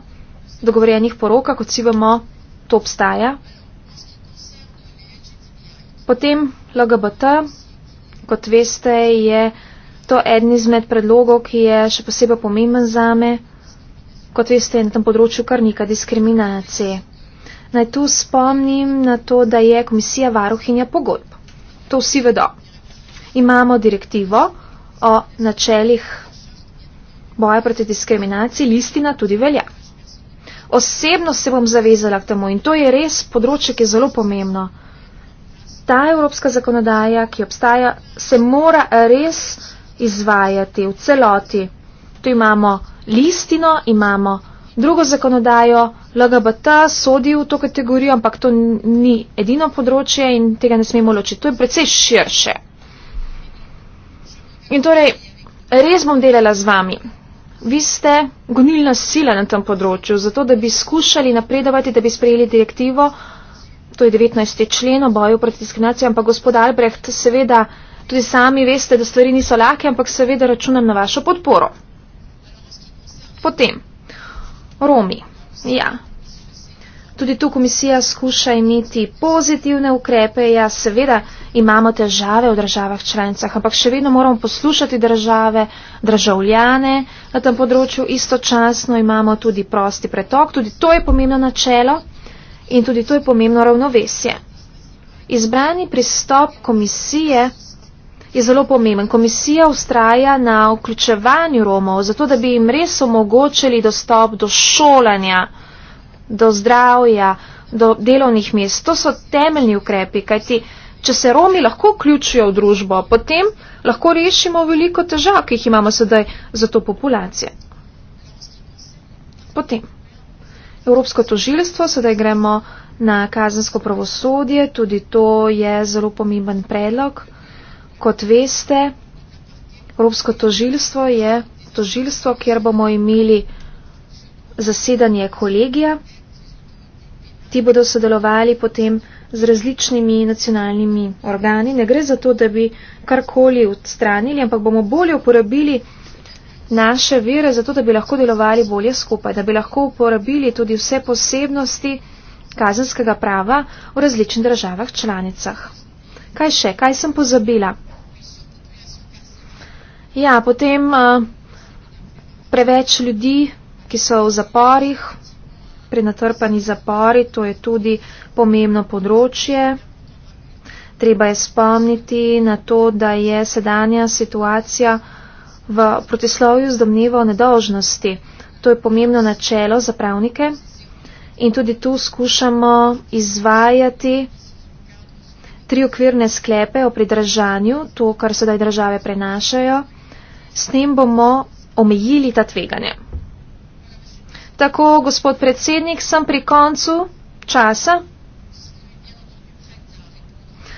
dogovorjenih porokah, kot si vemo, to obstaja. Potem LGBT, kot veste, je To je eden izmed predlogov, ki je še posebej pomemben za me. Kot veste, na tem področju kar nika diskriminacije. Naj tu spomnim na to, da je komisija varuhinja pogodb. To vsi vedo. Imamo direktivo o načelih boja proti diskriminaciji, listina tudi velja. Osebno se bom zavezala k temu in to je res področje, ki je zelo pomembno. Ta evropska zakonodaja, ki obstaja, se mora res izvajati v celoti. Tu imamo listino, imamo drugo zakonodajo, LGBT sodi v to kategorijo, ampak to ni edino področje in tega ne smemo ločiti. To je precej širše. In torej, res bom delala z vami. Vi ste gonilna sila na tem področju, zato da bi skušali napredovati, da bi sprejeli direktivo, to je 19. člen o boju proti diskriminaciji, ampak gospod Albrecht seveda Tudi sami veste, da stvari niso lake, ampak seveda računam na vašo podporo. Potem, Romi. Ja. Tudi tu komisija skuša imeti pozitivne ukrepe. Ja, seveda imamo težave v državah članicah, ampak še vedno moramo poslušati države, državljane na tem področju. Istočasno imamo tudi prosti pretok, tudi to je pomembno načelo in tudi to je pomembno ravnovesje. Izbrani pristop komisije je zelo pomemben. Komisija ustraja na vključevanju Romov, zato da bi jim res omogočili dostop do šolanja, do zdravja, do delovnih mest. To so temeljni ukrepi, kajti če se Romi lahko vključijo v družbo, potem lahko rešimo veliko težav, ki jih imamo sedaj za to populacijo. Potem. Evropsko tožilstvo, sedaj gremo na kazensko pravosodje, tudi to je zelo pomemben predlog. Kot veste, Evropsko tožilstvo je tožilstvo, kjer bomo imeli zasedanje kolegija. Ti bodo sodelovali potem z različnimi nacionalnimi organi. Ne gre za to, da bi karkoli odstranili, ampak bomo bolje uporabili naše vere, zato da bi lahko delovali bolje skupaj, da bi lahko uporabili tudi vse posebnosti kazenskega prava v različnih državah članicah. Kaj še? Kaj sem pozabila? Ja, potem eh, preveč ljudi, ki so v zaporih, prenatrpani zapori, to je tudi pomembno področje. Treba je spomniti na to, da je sedanja situacija v protislovju z domnevo nedolžnosti. To je pomembno načelo za pravnike in tudi tu skušamo izvajati tri okvirne sklepe o pridržanju, to, kar sedaj države prenašajo. S tem bomo omejili ta tveganja. Tako, gospod predsednik, sem pri koncu časa.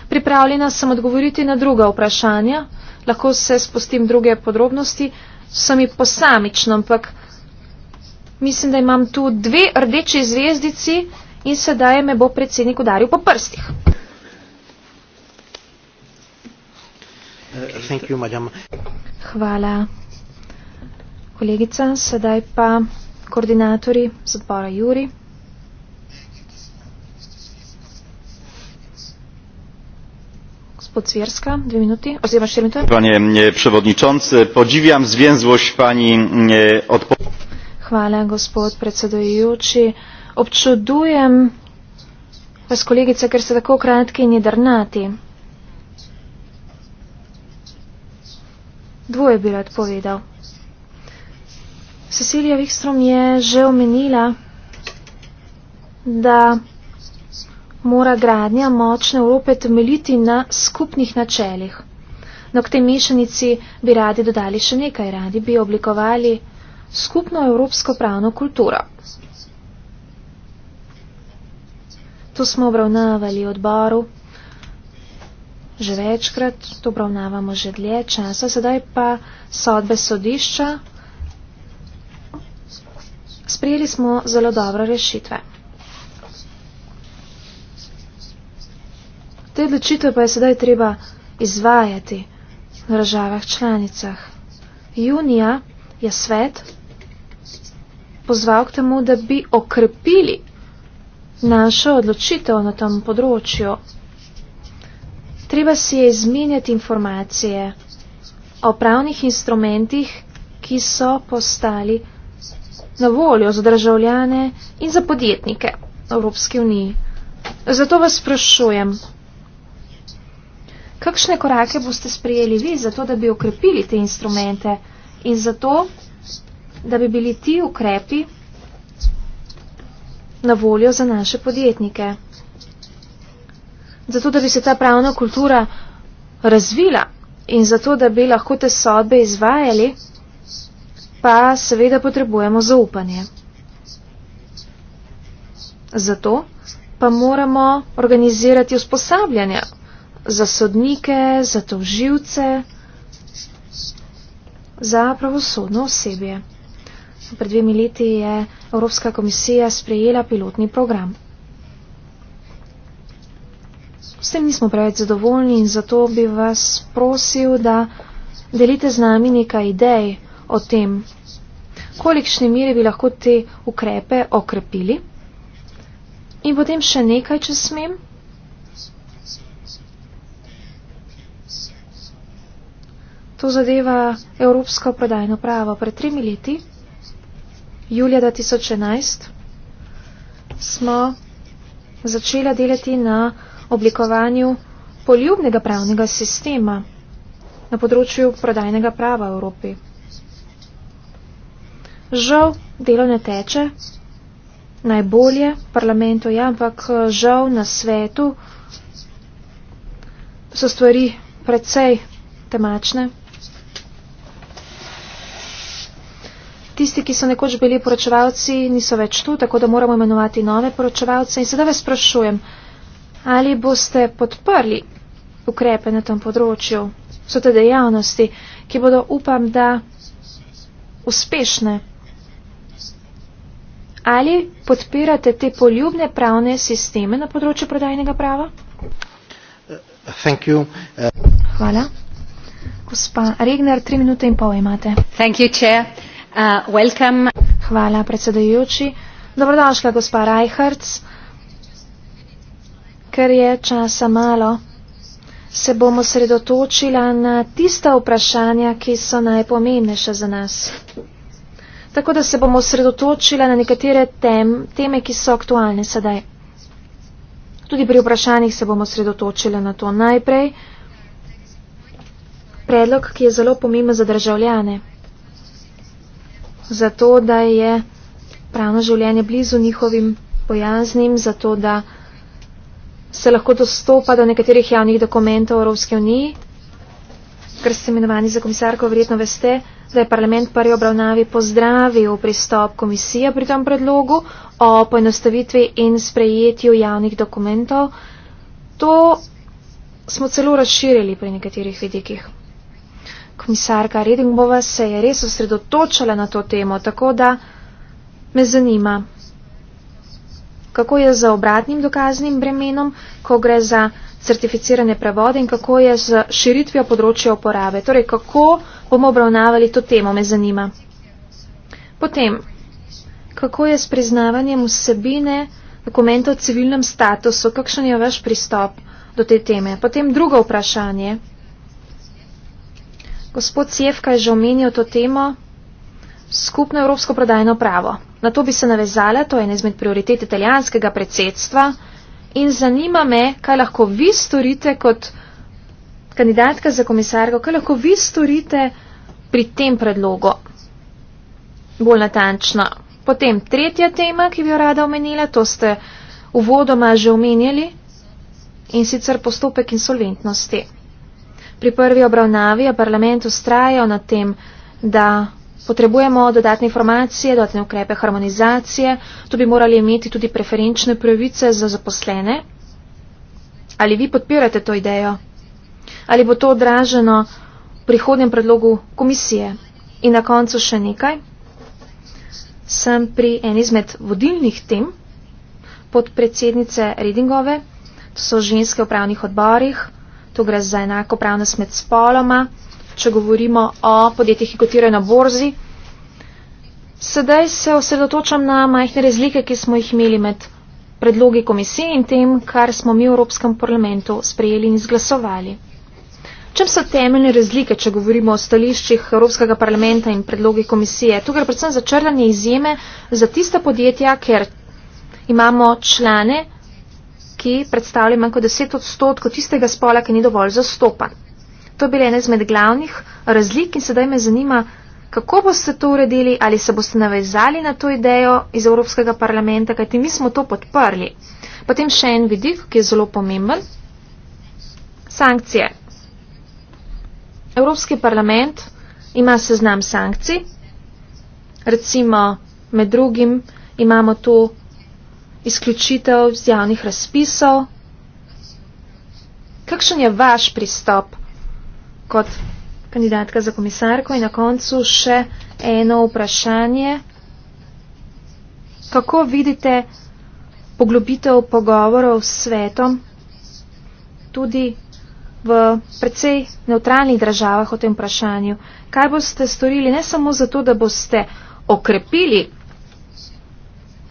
Pripravljena sem odgovoriti na druga vprašanja, lahko se spustim druge podrobnosti, sem jih posamično, ampak mislim, da imam tu dve rdeči zvezdici in sedaj me bo predsednik udaril po prstih. Thank you, Hvala. Kolegica, sedaj pa koordinatori zbora Juri. Podzwierska, dwie minuty. Się, minuty. Panie e, przewodniczący, podziwiam zwięzłość pani e, odpowiedzi. Chwalę, gospod przewodniczący. Obczuduję was kolegice, ker se tako kratki i niedarnati. Dvoje bi rad povedal. Cecilija Wikstrom je že omenila, da mora gradnja močne Evrope temeljiti na skupnih načelih. No, k tej mešanici bi radi dodali še nekaj, radi bi oblikovali skupno evropsko pravno kulturo. To smo obravnavali odboru že večkrat, to obravnavamo že dlje časa, sedaj pa sodbe sodišča. Sprijeli smo zelo dobre rešitve. Te odločitve pa je sedaj treba izvajati v državah članicah. Junija je svet pozval k temu, da bi okrepili našo odločitev na tem področju Treba si je izmenjati informacije o pravnih instrumentih, ki so postali na voljo za državljane in za podjetnike Evropske unije. Zato vas sprašujem, kakšne korake boste sprejeli vi, zato da bi okrepili te instrumente in zato, da bi bili ti ukrepi na voljo za naše podjetnike zato da bi se ta pravna kultura razvila in zato da bi lahko te sodbe izvajali, pa seveda potrebujemo zaupanje. Zato pa moramo organizirati usposabljanja za sodnike, za toživce, za pravosodno osebje. Pred dvemi leti je Evropska komisija sprejela pilotni program s tem nismo preveč zadovoljni in zato bi vas prosil, da delite z nami nekaj idej o tem, kolikšni miri bi lahko te ukrepe okrepili. In potem še nekaj, če smem. To zadeva Evropsko prodajno pravo. Pred trimi leti, julija 2011, smo začela delati na oblikovanju poljubnega pravnega sistema na področju prodajnega prava v Evropi. Žal delo ne teče, najbolje v parlamentu je, ja, ampak žal na svetu so stvari precej temačne. Tisti, ki so nekoč bili poročevalci, niso več tu, tako da moramo imenovati nove poročevalce. In sedaj vas sprašujem, ali boste podprli ukrepe na tem področju, so te dejavnosti, ki bodo, upam, da uspešne. Ali podpirate te poljubne pravne sisteme na področju prodajnega prava? Hvala. Gospa Regner, tri minute in pol imate. Uh, Hvala, predsedajoči. Dobrodošla, gospa Reichardt ker je časa malo, se bom osredotočila na tista vprašanja, ki so najpomembnejša za nas. Tako da se bom osredotočila na nekatere tem, teme, ki so aktualne sedaj. Tudi pri vprašanjih se bomo osredotočila na to najprej. Predlog, ki je zelo pomemben za državljane, zato da je pravno življenje blizu njihovim bojaznim, zato da se lahko dostopa do nekaterih javnih dokumentov Evropske unije, ker ste imenovani za komisarko, verjetno veste, da je parlament prvi obravnavi pozdravil pristop komisije pri tem predlogu o poenostavitvi in sprejetju javnih dokumentov. To smo celo razširili pri nekaterih vidikih. Komisarka Redingbova se je res osredotočala na to temo, tako da me zanima kako je z obratnim dokaznim bremenom, ko gre za certificirane prevode in kako je z širitvijo področja uporabe. Torej, kako bomo obravnavali to temo, me zanima. Potem, kako je s priznavanjem vsebine dokumenta o civilnem statusu, kakšen je vaš pristop do te teme. Potem drugo vprašanje. Gospod Sjevka je že omenil to temo skupno evropsko prodajno pravo. Na to bi se navezala, to je en izmed prioritet italijanskega predsedstva in zanima me, kaj lahko vi storite kot kandidatka za komisarko, kaj lahko vi storite pri tem predlogu. Bolj natančno. Potem tretja tema, ki bi jo rada omenila, to ste uvodoma že omenjali in sicer postopek insolventnosti. Pri prvi obravnavi je parlament ustrajal na tem, da Potrebujemo dodatne informacije, dodatne ukrepe harmonizacije, tu bi morali imeti tudi preferenčne pravice za zaposlene. Ali vi podpirate to idejo? Ali bo to odraženo v prihodnem predlogu komisije? In na koncu še nekaj. Sem pri eni izmed vodilnih tem podpredsednice Redingove. To so ženske v pravnih odborih. Tu gre za enako pravnost med spoloma če govorimo o podjetjih, ki kotirajo na borzi. Sedaj se osredotočam na majhne razlike, ki smo jih imeli med predlogi komisije in tem, kar smo mi v Evropskem parlamentu sprejeli in izglasovali. Čem so temeljne razlike, če govorimo o stališčih Evropskega parlamenta in predlogi komisije? Tukaj je predvsem začrljanje izjeme za tista podjetja, ker imamo člane, ki predstavljajo manj kot 10 odstotkov tistega spola, ki ni dovolj zastopan. To je bila ena izmed glavnih razlik in sedaj me zanima, kako boste to uredili, ali se boste navezali na to idejo iz Evropskega parlamenta, kajti mi smo to podprli. Potem še en vidik, ki je zelo pomemben. Sankcije. Evropski parlament ima seznam sankcij. Recimo, med drugim imamo tu izključitev z javnih razpisov. Kakšen je vaš pristop kot kandidatka za komisarko in na koncu še eno vprašanje. Kako vidite poglobitev pogovorov s svetom tudi v precej neutralnih državah o tem vprašanju? Kaj boste storili ne samo zato, da boste okrepili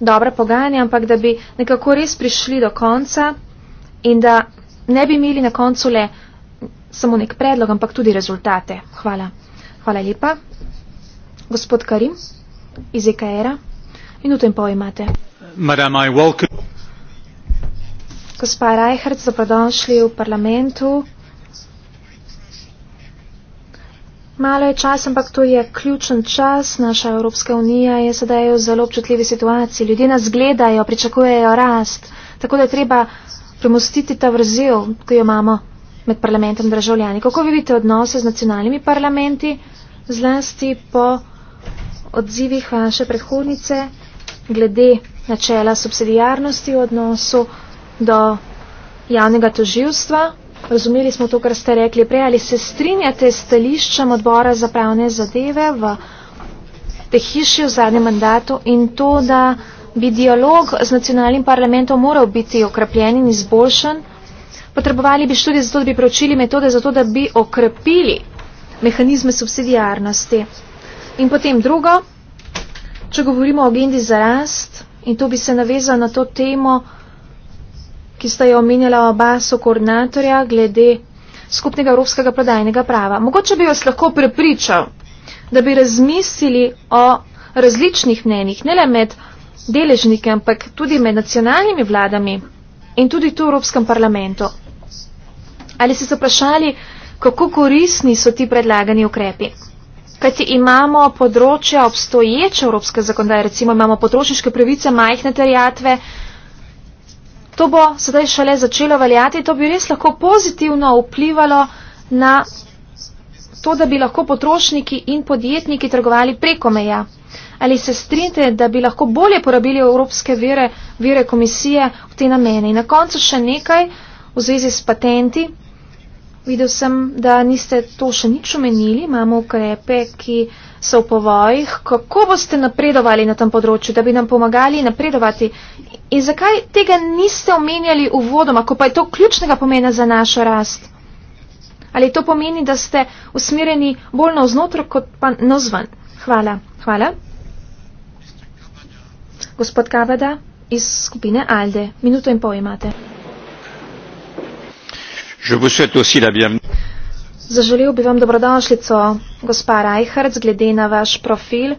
dobra pogajanja, ampak da bi nekako res prišli do konca in da ne bi imeli na koncu le samo nek predlog, ampak tudi rezultate. Hvala. Hvala lepa. Gospod Karim iz EKR-a. Minuto in pol imate. Madam, I welcome. Gospa Reichert, zapredošli v parlamentu. Malo je čas, ampak to je ključen čas. Naša Evropska unija je sedaj v zelo občutljivi situaciji. Ljudje nas gledajo, pričakujejo rast. Tako da je treba premostiti ta vrzel, ki jo imamo med parlamentom državljani. Kako vidite odnose z nacionalnimi parlamenti, zlasti po odzivih vaše predhodnice, glede načela subsidijarnosti v odnosu do javnega toživstva? Razumeli smo to, kar ste rekli prej, ali se strinjate s stališčem odbora za pravne zadeve v te hiši v zadnjem mandatu in to, da bi dialog z nacionalnim parlamentom moral biti okrepljen in izboljšen, Potrebovali bi študije za to, da bi pročili metode za to, da bi okrepili mehanizme subsidijarnosti. In potem drugo, če govorimo o agendi za rast, in to bi se navezalo na to temo, ki sta jo omenjala oba sokoordinatorja glede skupnega evropskega prodajnega prava. Mogoče bi vas lahko prepričal, da bi razmislili o različnih mnenjih, ne le med deležniki, ampak tudi med nacionalnimi vladami in tudi tu v Evropskem parlamentu. Ali ste se vprašali, kako korisni so ti predlagani ukrepi? Kajti imamo področja obstoječe evropske zakonodaje, recimo imamo potrošniške pravice, majhne terjatve, to bo sedaj šele začelo veljati, to bi res lahko pozitivno vplivalo na to, da bi lahko potrošniki in podjetniki trgovali preko meja. Ali se strinjate, da bi lahko bolje porabili evropske vire, vire komisije v te namene? In na koncu še nekaj v zvezi s patenti. Videl sem, da niste to še nič omenili, imamo ukrepe, ki so v povojih. Kako boste napredovali na tem področju, da bi nam pomagali napredovati? In zakaj tega niste omenjali v vodoma, ko pa je to ključnega pomena za našo rast? Ali to pomeni, da ste usmerjeni bolj na vznotro, kot pa na zven? Hvala. Hvala. Gospod Kavada iz skupine Alde. Minuto in pol imate. Zaželil bi vam dobrodošljico, gospa Reichert, glede na vaš profil.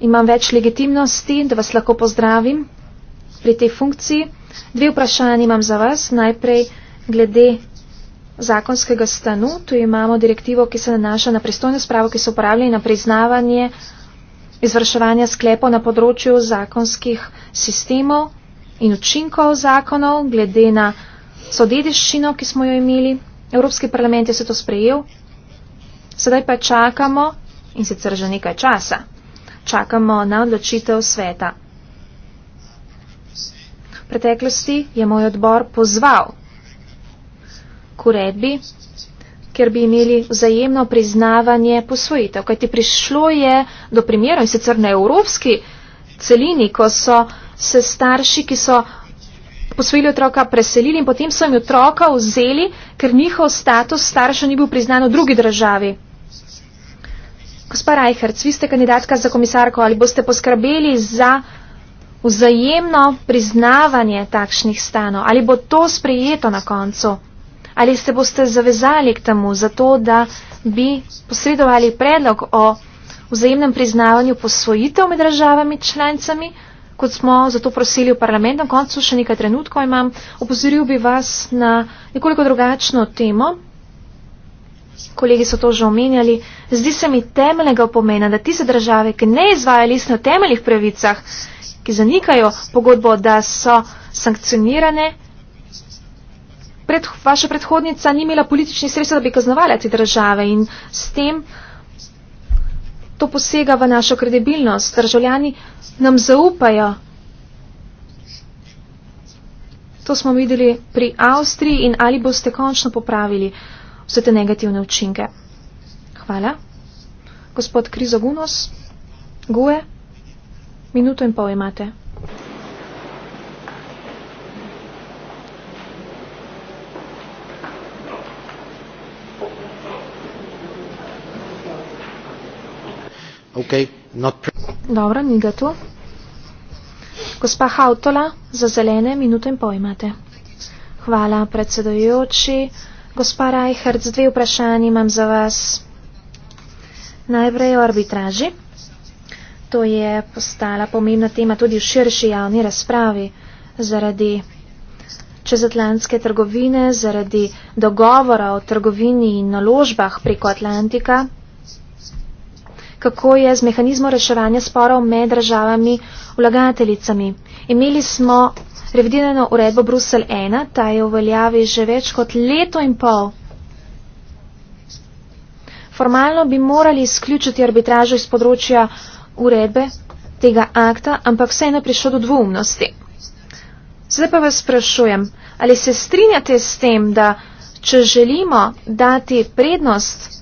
Imam več legitimnosti, da vas lahko pozdravim pri tej funkciji. Dve vprašanje imam za vas. Najprej glede zakonskega stanu. Tu imamo direktivo, ki se nanaša na pristojno spravo, ki se uporablja na priznavanje izvrševanja sklepov na področju zakonskih sistemov in učinkov zakonov glede na so dediščino, ki smo jo imeli, Evropski parlament je se to sprejel, sedaj pa čakamo, in sicer že nekaj časa, čakamo na odločitev sveta. V preteklosti je moj odbor pozval k uredbi, ker bi imeli vzajemno priznavanje posvojitev, kajti prišlo je do primerov, in sicer na evropski celini, ko so se starši, ki so posvojili otroka, preselili in potem so jim otroka vzeli, ker njihov status starša ni bil priznan v drugi državi. Gospa Rajherc, vi ste kandidatka za komisarko, ali boste poskrbeli za vzajemno priznavanje takšnih stanov? Ali bo to sprejeto na koncu? Ali se boste zavezali k temu, zato da bi posredovali predlog o vzajemnem priznavanju posvojitev med državami članicami? kot smo zato prosili v parlament. Na koncu še nekaj trenutkov imam. Opozoril bi vas na nekoliko drugačno temo. Kolegi so to že omenjali. Zdi se mi temeljnega pomena, da tiste države, ki ne izvajajo listne o temeljnih pravicah, ki zanikajo pogodbo, da so sankcionirane, pred, vaša predhodnica ni imela političnih sredstev, da bi kaznovala te države in s tem. Uh, To posega v našo kredibilnost. Državljani nam zaupajo. To smo videli pri Avstriji in ali boste končno popravili vse te negativne učinke. Hvala. Gospod Krizogunos, Gue, minuto in pol imate. Okay, Dobro, ni ga tu. Gospa Hautola, za zelene minuto in pojmate. Hvala, predsedojoči. Gospa Reichert, dve vprašanje imam za vas. Najprej o arbitraži. To je postala pomembna tema tudi v širši javni razpravi zaradi čezatlantske trgovine, zaradi dogovora o trgovini in naložbah preko Atlantika kako je z mehanizmom reševanja sporov med državami vlagateljicami. Imeli smo revidirano uredbo Brusel 1, ta je v veljavi že več kot leto in pol. Formalno bi morali izključiti arbitražo iz področja uredbe tega akta, ampak vse je prišlo do dvomnosti. Zdaj pa vas sprašujem, ali se strinjate s tem, da če želimo dati prednost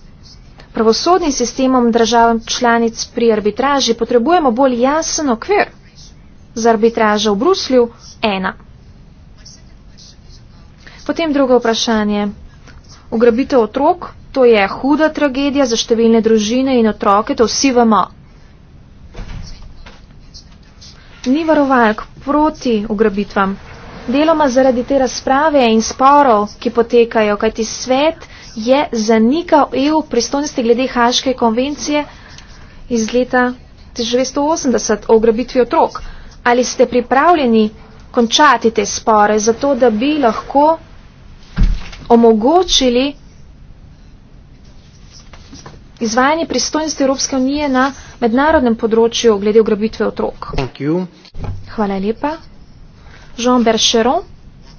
pravosodnim sistemom državam članic pri arbitraži potrebujemo bolj jasen okvir za arbitražo v Bruslju ena. Potem drugo vprašanje. Ugrabitev otrok, to je huda tragedija za številne družine in otroke, to vsi vemo. Ni varovalk proti ugrabitvam. Deloma zaradi te razprave in sporov, ki potekajo, kajti svet je zanikal EU pristojnosti glede Haške konvencije iz leta 1980 o ugrabitvi otrok. Ali ste pripravljeni končati te spore zato, da bi lahko omogočili izvajanje pristojnosti Evropske unije na mednarodnem področju glede ugrabitve otrok? Hvala lepa. Jean Bercheron,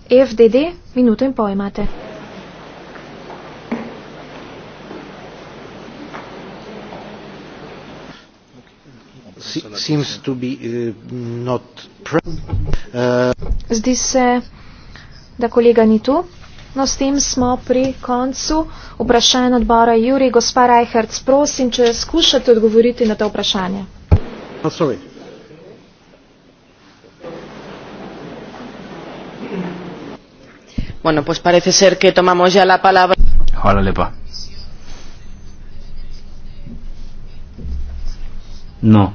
FDD, minuto in pol imate. seems to be uh, not present. Uh, Zdi se, da kolega ni tu. No, s tem smo pri koncu. Vprašanje odbora Juri. Gospa Reichert, prosim, če skušate odgovoriti na to vprašanje. Oh, Bueno, pues parece ser que tomamos ya la palabra. Hvala lepa. No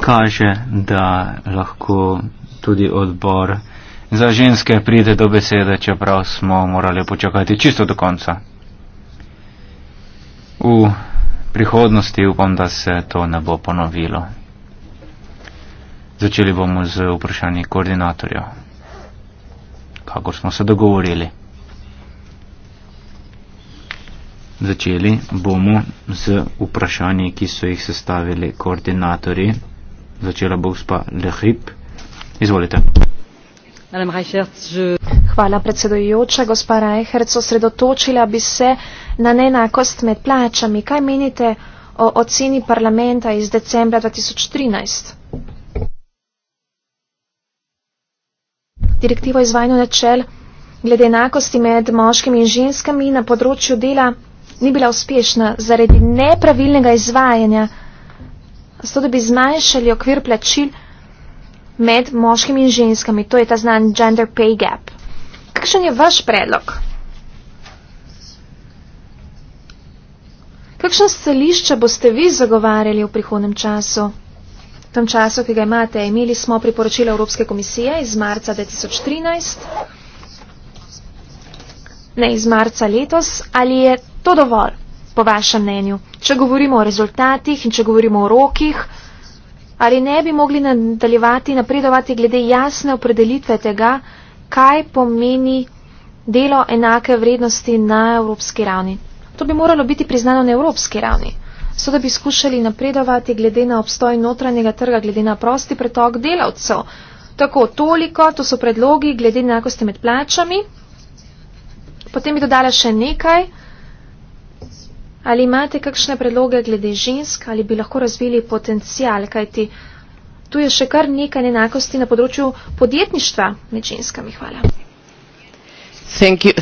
kaže, da lahko tudi odbor za ženske pride do besede, čeprav smo morali počakati čisto do konca. V prihodnosti upam, da se to ne bo ponovilo. Začeli bomo z vprašanji koordinatorja, kako smo se dogovorili. Začeli bomo z vprašanji, ki so jih sestavili koordinatorji začela bo gospa Lehip. Izvolite. Hvala, predsedujoča. Gospa Reichert, osredotočila bi se na neenakost med plačami. Kaj menite o oceni parlamenta iz decembra 2013? Direktivo izvajanju načel glede enakosti med moškimi in ženskami na področju dela ni bila uspešna zaradi nepravilnega izvajanja zato da bi zmanjšali okvir plačil med moškimi in ženskami. To je ta znan gender pay gap. Kakšen je vaš predlog? Kakšno stališče boste vi zagovarjali v prihodnem času? V tem času, ki ga imate, imeli smo priporočila Evropske komisije iz marca 2013. Ne iz marca letos, ali je to dovolj? po vašem mnenju? Če govorimo o rezultatih in če govorimo o rokih, ali ne bi mogli nadaljevati, napredovati glede jasne opredelitve tega, kaj pomeni delo enake vrednosti na evropski ravni? To bi moralo biti priznano na evropski ravni. So da bi skušali napredovati glede na obstoj notranjega trga, glede na prosti pretok delavcev. Tako toliko, to so predlogi glede enakosti med plačami. Potem bi dodala še nekaj. Ali imate kakšne predloge glede žensk, ali bi lahko razvili potencial, kajti tu je še kar nekaj enakosti na področju podjetništva med ženskami? Hvala. Thank you.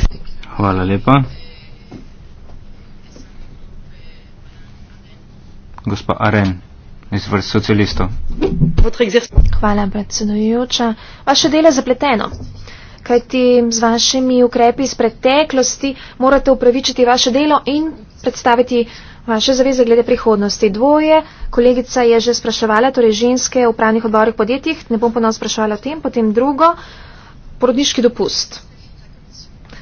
Hvala lepa. Gospa Aren, iz vrst socialistov. Hvala, predsedujoča. Vaše delo je zapleteno kajti z vašimi ukrepi iz preteklosti morate upravičiti vaše delo in predstaviti vaše zaveze glede prihodnosti. Dvoje, kolegica je že spraševala, torej ženske v pravnih odborih podjetjih, ne bom ponov spraševala o tem, potem drugo, porodniški dopust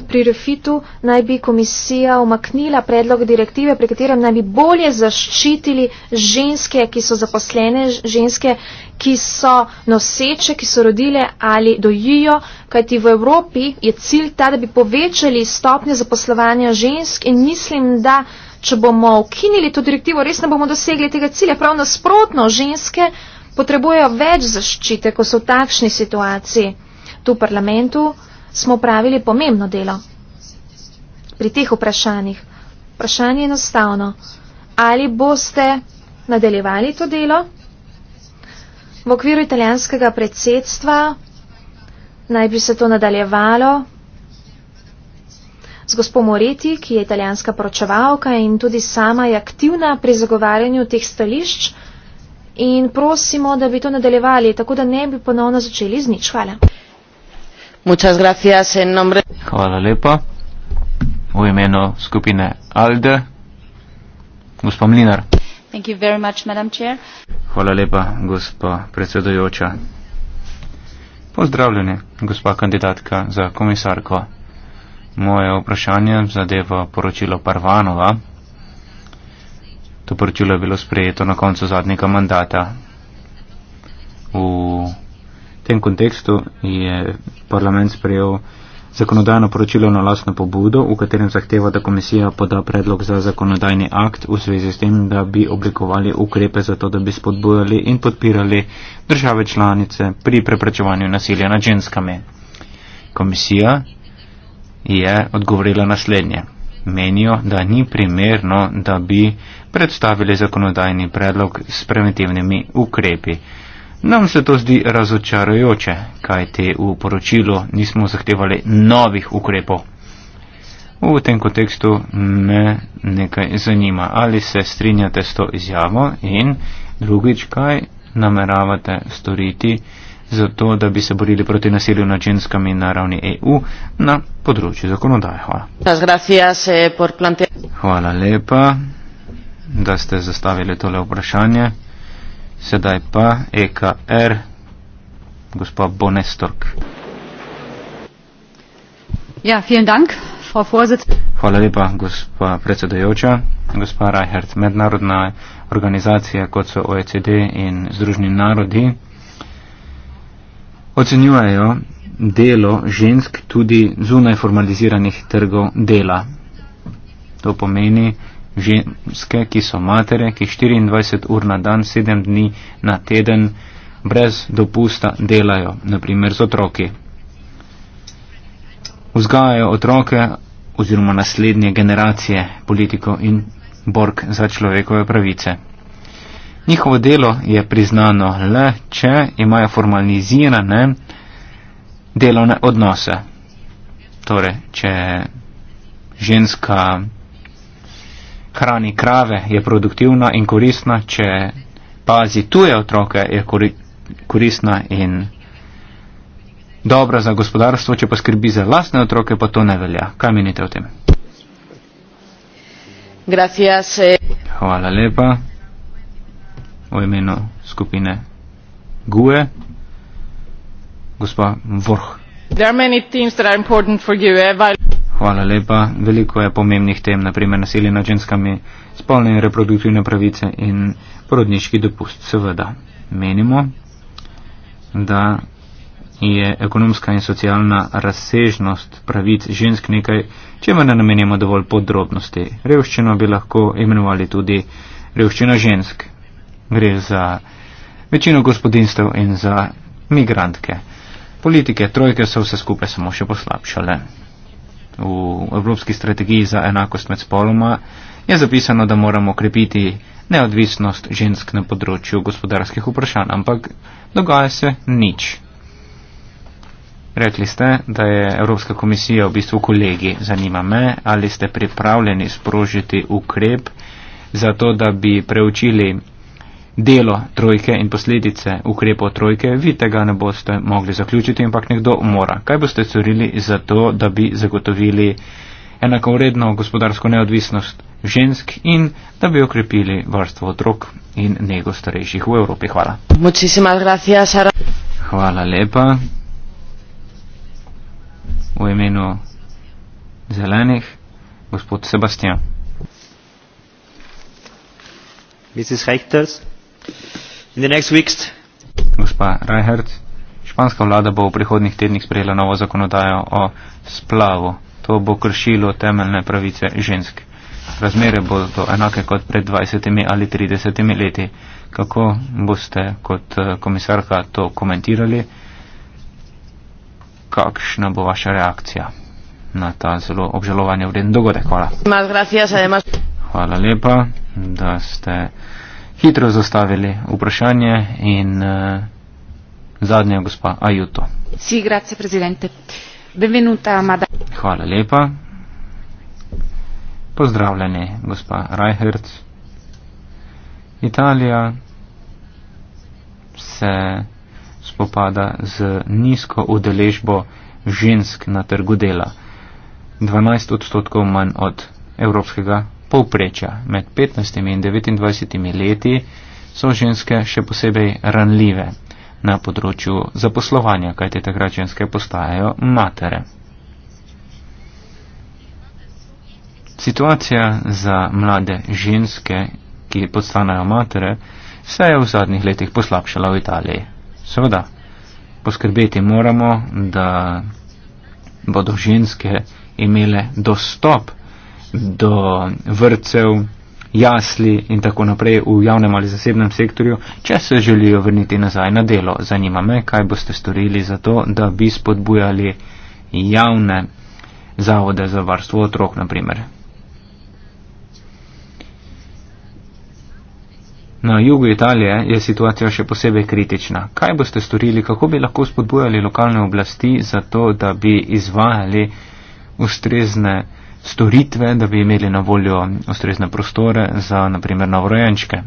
pri Refitu naj bi komisija omaknila predlog direktive, pri katerem naj bi bolje zaščitili ženske, ki so zaposlene, ženske, ki so noseče, ki so rodile ali dojijo, kajti v Evropi je cilj ta, da bi povečali stopnje zaposlovanja žensk in mislim, da če bomo ukinili to direktivo, res ne bomo dosegli tega cilja, prav nasprotno ženske potrebujejo več zaščite, ko so v takšni situaciji tu parlamentu smo upravili pomembno delo. Pri teh vprašanjih. Vprašanje je enostavno. Ali boste nadaljevali to delo? V okviru italijanskega predsedstva naj bi se to nadaljevalo z gospod Moreti, ki je italijanska poročevalka in tudi sama je aktivna pri zagovarjanju teh stališč in prosimo, da bi to nadaljevali, tako da ne bi ponovno začeli z nič. Hvala. Muchas gracias en nombre. Hvala lepa. V imenu skupine ALDE. Gospod Mlinar. Thank you very much, Madam Chair. Hvala lepa, gospa predsedujoča. Pozdravljeni, gospa kandidatka za komisarko. Moje vprašanje zadeva poročilo Parvanova. To poročilo je bilo sprejeto na koncu zadnjega mandata. V V tem kontekstu je parlament sprejel zakonodajno poročilo na lasno pobudo, v katerem zahteva, da komisija poda predlog za zakonodajni akt v zvezi s tem, da bi oblikovali ukrepe za to, da bi spodbujali in podpirali države članice pri preprečevanju nasilja nad ženskami. Komisija je odgovorila naslednje. Menijo, da ni primerno, da bi predstavili zakonodajni predlog s preventivnimi ukrepi. Nam se to zdi razočarajoče, kaj te v poročilu nismo zahtevali novih ukrepov. V tem kontekstu me nekaj zanima, ali se strinjate s to izjavo in drugič, kaj nameravate storiti za to, da bi se borili proti nasilju nad ženskami na ravni EU na področju zakonodaje. Hvala. Eh, Hvala lepa, da ste zastavili tole vprašanje. Sedaj pa EKR, gospod Bonestork. Ja, dank, Hvala lepa, gospa predsedajoča. Gospa Reichert, mednarodna organizacija kot so OECD in Združni narodi ocenjujejo delo žensk tudi zunaj formaliziranih trgov dela. To pomeni, ženske, ki so matere, ki 24 ur na dan, 7 dni na teden brez dopusta delajo, naprimer z otroki. Vzgajajo otroke oziroma naslednje generacije politikov in borg za človekove pravice. Njihovo delo je priznano le, če imajo formalizirane delovne odnose. Torej, če ženska hrani krave, je produktivna in koristna, če pazi tuje otroke, je koristna in dobra za gospodarstvo, če pa skrbi za lastne otroke, pa to ne velja. Kaj menite o tem? Gracias, eh. Hvala lepa. V imenu skupine GUE. Gospa Vrh. There are many things that are important for you. Eh? Hvala lepa. Veliko je pomembnih tem, naprimer nasilje nad ženskami, spolne in reproduktivne pravice in porodniški dopust. Seveda menimo, da je ekonomska in socialna razsežnost pravic žensk nekaj, čemu ne namenjamo dovolj podrobnosti. Revščino bi lahko imenovali tudi revščina žensk. Gre za večino gospodinstv in za migrantke. Politike trojke so vse skupaj samo še poslabšale v Evropski strategiji za enakost med spoloma, je zapisano, da moramo krepiti neodvisnost žensk na področju gospodarskih vprašanj, ampak dogaja se nič. Rekli ste, da je Evropska komisija v bistvu kolegi. Zanima me, ali ste pripravljeni sprožiti ukrep za to, da bi preučili delo trojke in posledice ukrepov trojke, vi tega ne boste mogli zaključiti, ampak nekdo mora. Kaj boste storili za to, da bi zagotovili enakovredno gospodarsko neodvisnost žensk in da bi okrepili varstvo otrok in nego starejših v Evropi? Hvala. Gracias, Hvala lepa. V imenu zelenih, gospod Sebastian. Mrs. Reichters. In the next weeks, gospa Reihert, španska vlada bo v prihodnih tednih sprejela novo zakonodajo o splavu. To bo kršilo temeljne pravice žensk. Razmere bodo enake kot pred 20 ali 30 leti. Kako boste kot eh, komisarka to komentirali? Kakšna bo vaša reakcija na ta zelo obžalovanje vreden dogodek? Hvala. Hvala lepa, da ste hitro zastavili vprašanje in uh, zadnja gospa Ajuto. Si, grazie, prezidente. Benvenuta, madam. Hvala lepa. Pozdravljeni, gospa Reichert. Italija se spopada z nizko udeležbo žensk na trgu dela. 12 odstotkov manj od evropskega povprečja. Med 15 in 29 leti so ženske še posebej ranljive na področju zaposlovanja, kajte takrat ženske postajajo matere. Situacija za mlade ženske, ki postanejo matere, se je v zadnjih letih poslabšala v Italiji. Seveda, poskrbeti moramo, da bodo ženske imele dostop do vrtcev, jasli in tako naprej v javnem ali zasebnem sektorju, če se želijo vrniti nazaj na delo. Zanima me, kaj boste storili za to, da bi spodbujali javne zavode za varstvo otrok, naprimer. Na jugu Italije je situacija še posebej kritična. Kaj boste storili, kako bi lahko spodbujali lokalne oblasti za to, da bi izvajali ustrezne storitve, da bi imeli na voljo ustrezne prostore za naprimer navrojenčke.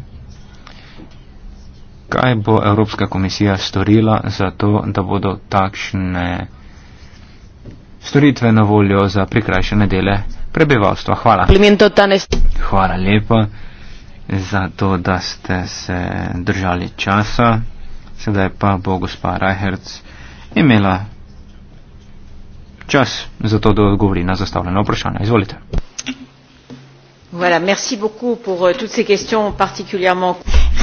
Kaj bo Evropska komisija storila za to, da bodo takšne storitve na voljo za prikrajšene dele prebivalstva? Hvala. Hvala lepa za to, da ste se držali časa. Sedaj pa bo gospa Reihertz imela čas za to, da odgovori na zastavljeno vprašanje. Izvolite. Voilà, merci beaucoup pour euh, toutes ces questions particulièrement.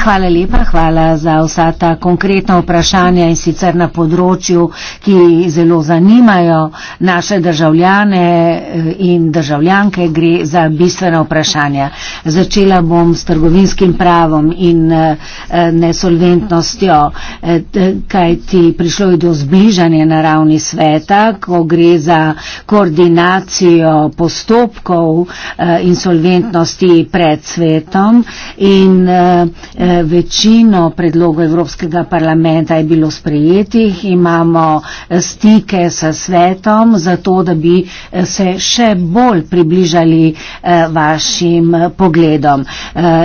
Hvala lepa, hvala za vsa ta konkretna vprašanja in sicer na področju, ki zelo zanimajo naše državljane eh, in državljanke, gre za bistvena vprašanja. Začela bom s trgovinskim pravom in eh, nesolventnostjo, eh, kaj ti prišlo je do zbližanja na ravni sveta, ko gre za koordinacijo postopkov insolventnosti pred svetom in Eh, večino predlogov Evropskega parlamenta je bilo sprejetih, imamo eh, stike s svetom, zato da bi eh, se še bolj približali vašim pogledom.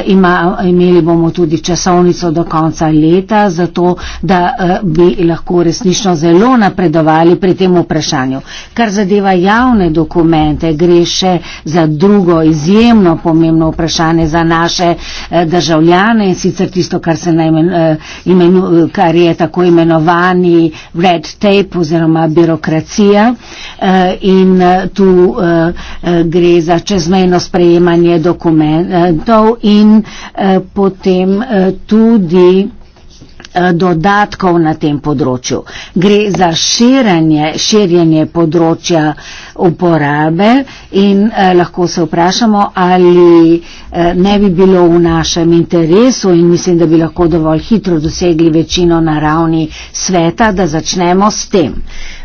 Ima, imeli bomo tudi časovnico do konca leta, zato da bi lahko resnično zelo napredovali pri tem vprašanju. Kar zadeva javne dokumente, gre še za drugo izjemno pomembno vprašanje za naše državljane in si sicer tisto, kar, najmen, uh, imenu, eh, kar je tako imenovani red tape oziroma birokracija uh, in uh, tu uh, uh, gre za čezmejno sprejemanje dokumentov in uh, potem uh, tudi Eh, dodatkov na tem področju. Gre za širanje, širjenje področja uporabe in eh, lahko se vprašamo, ali eh, ne bi bilo v našem interesu in mislim, da bi lahko dovolj hitro dosegli večino na ravni sveta, da začnemo s tem.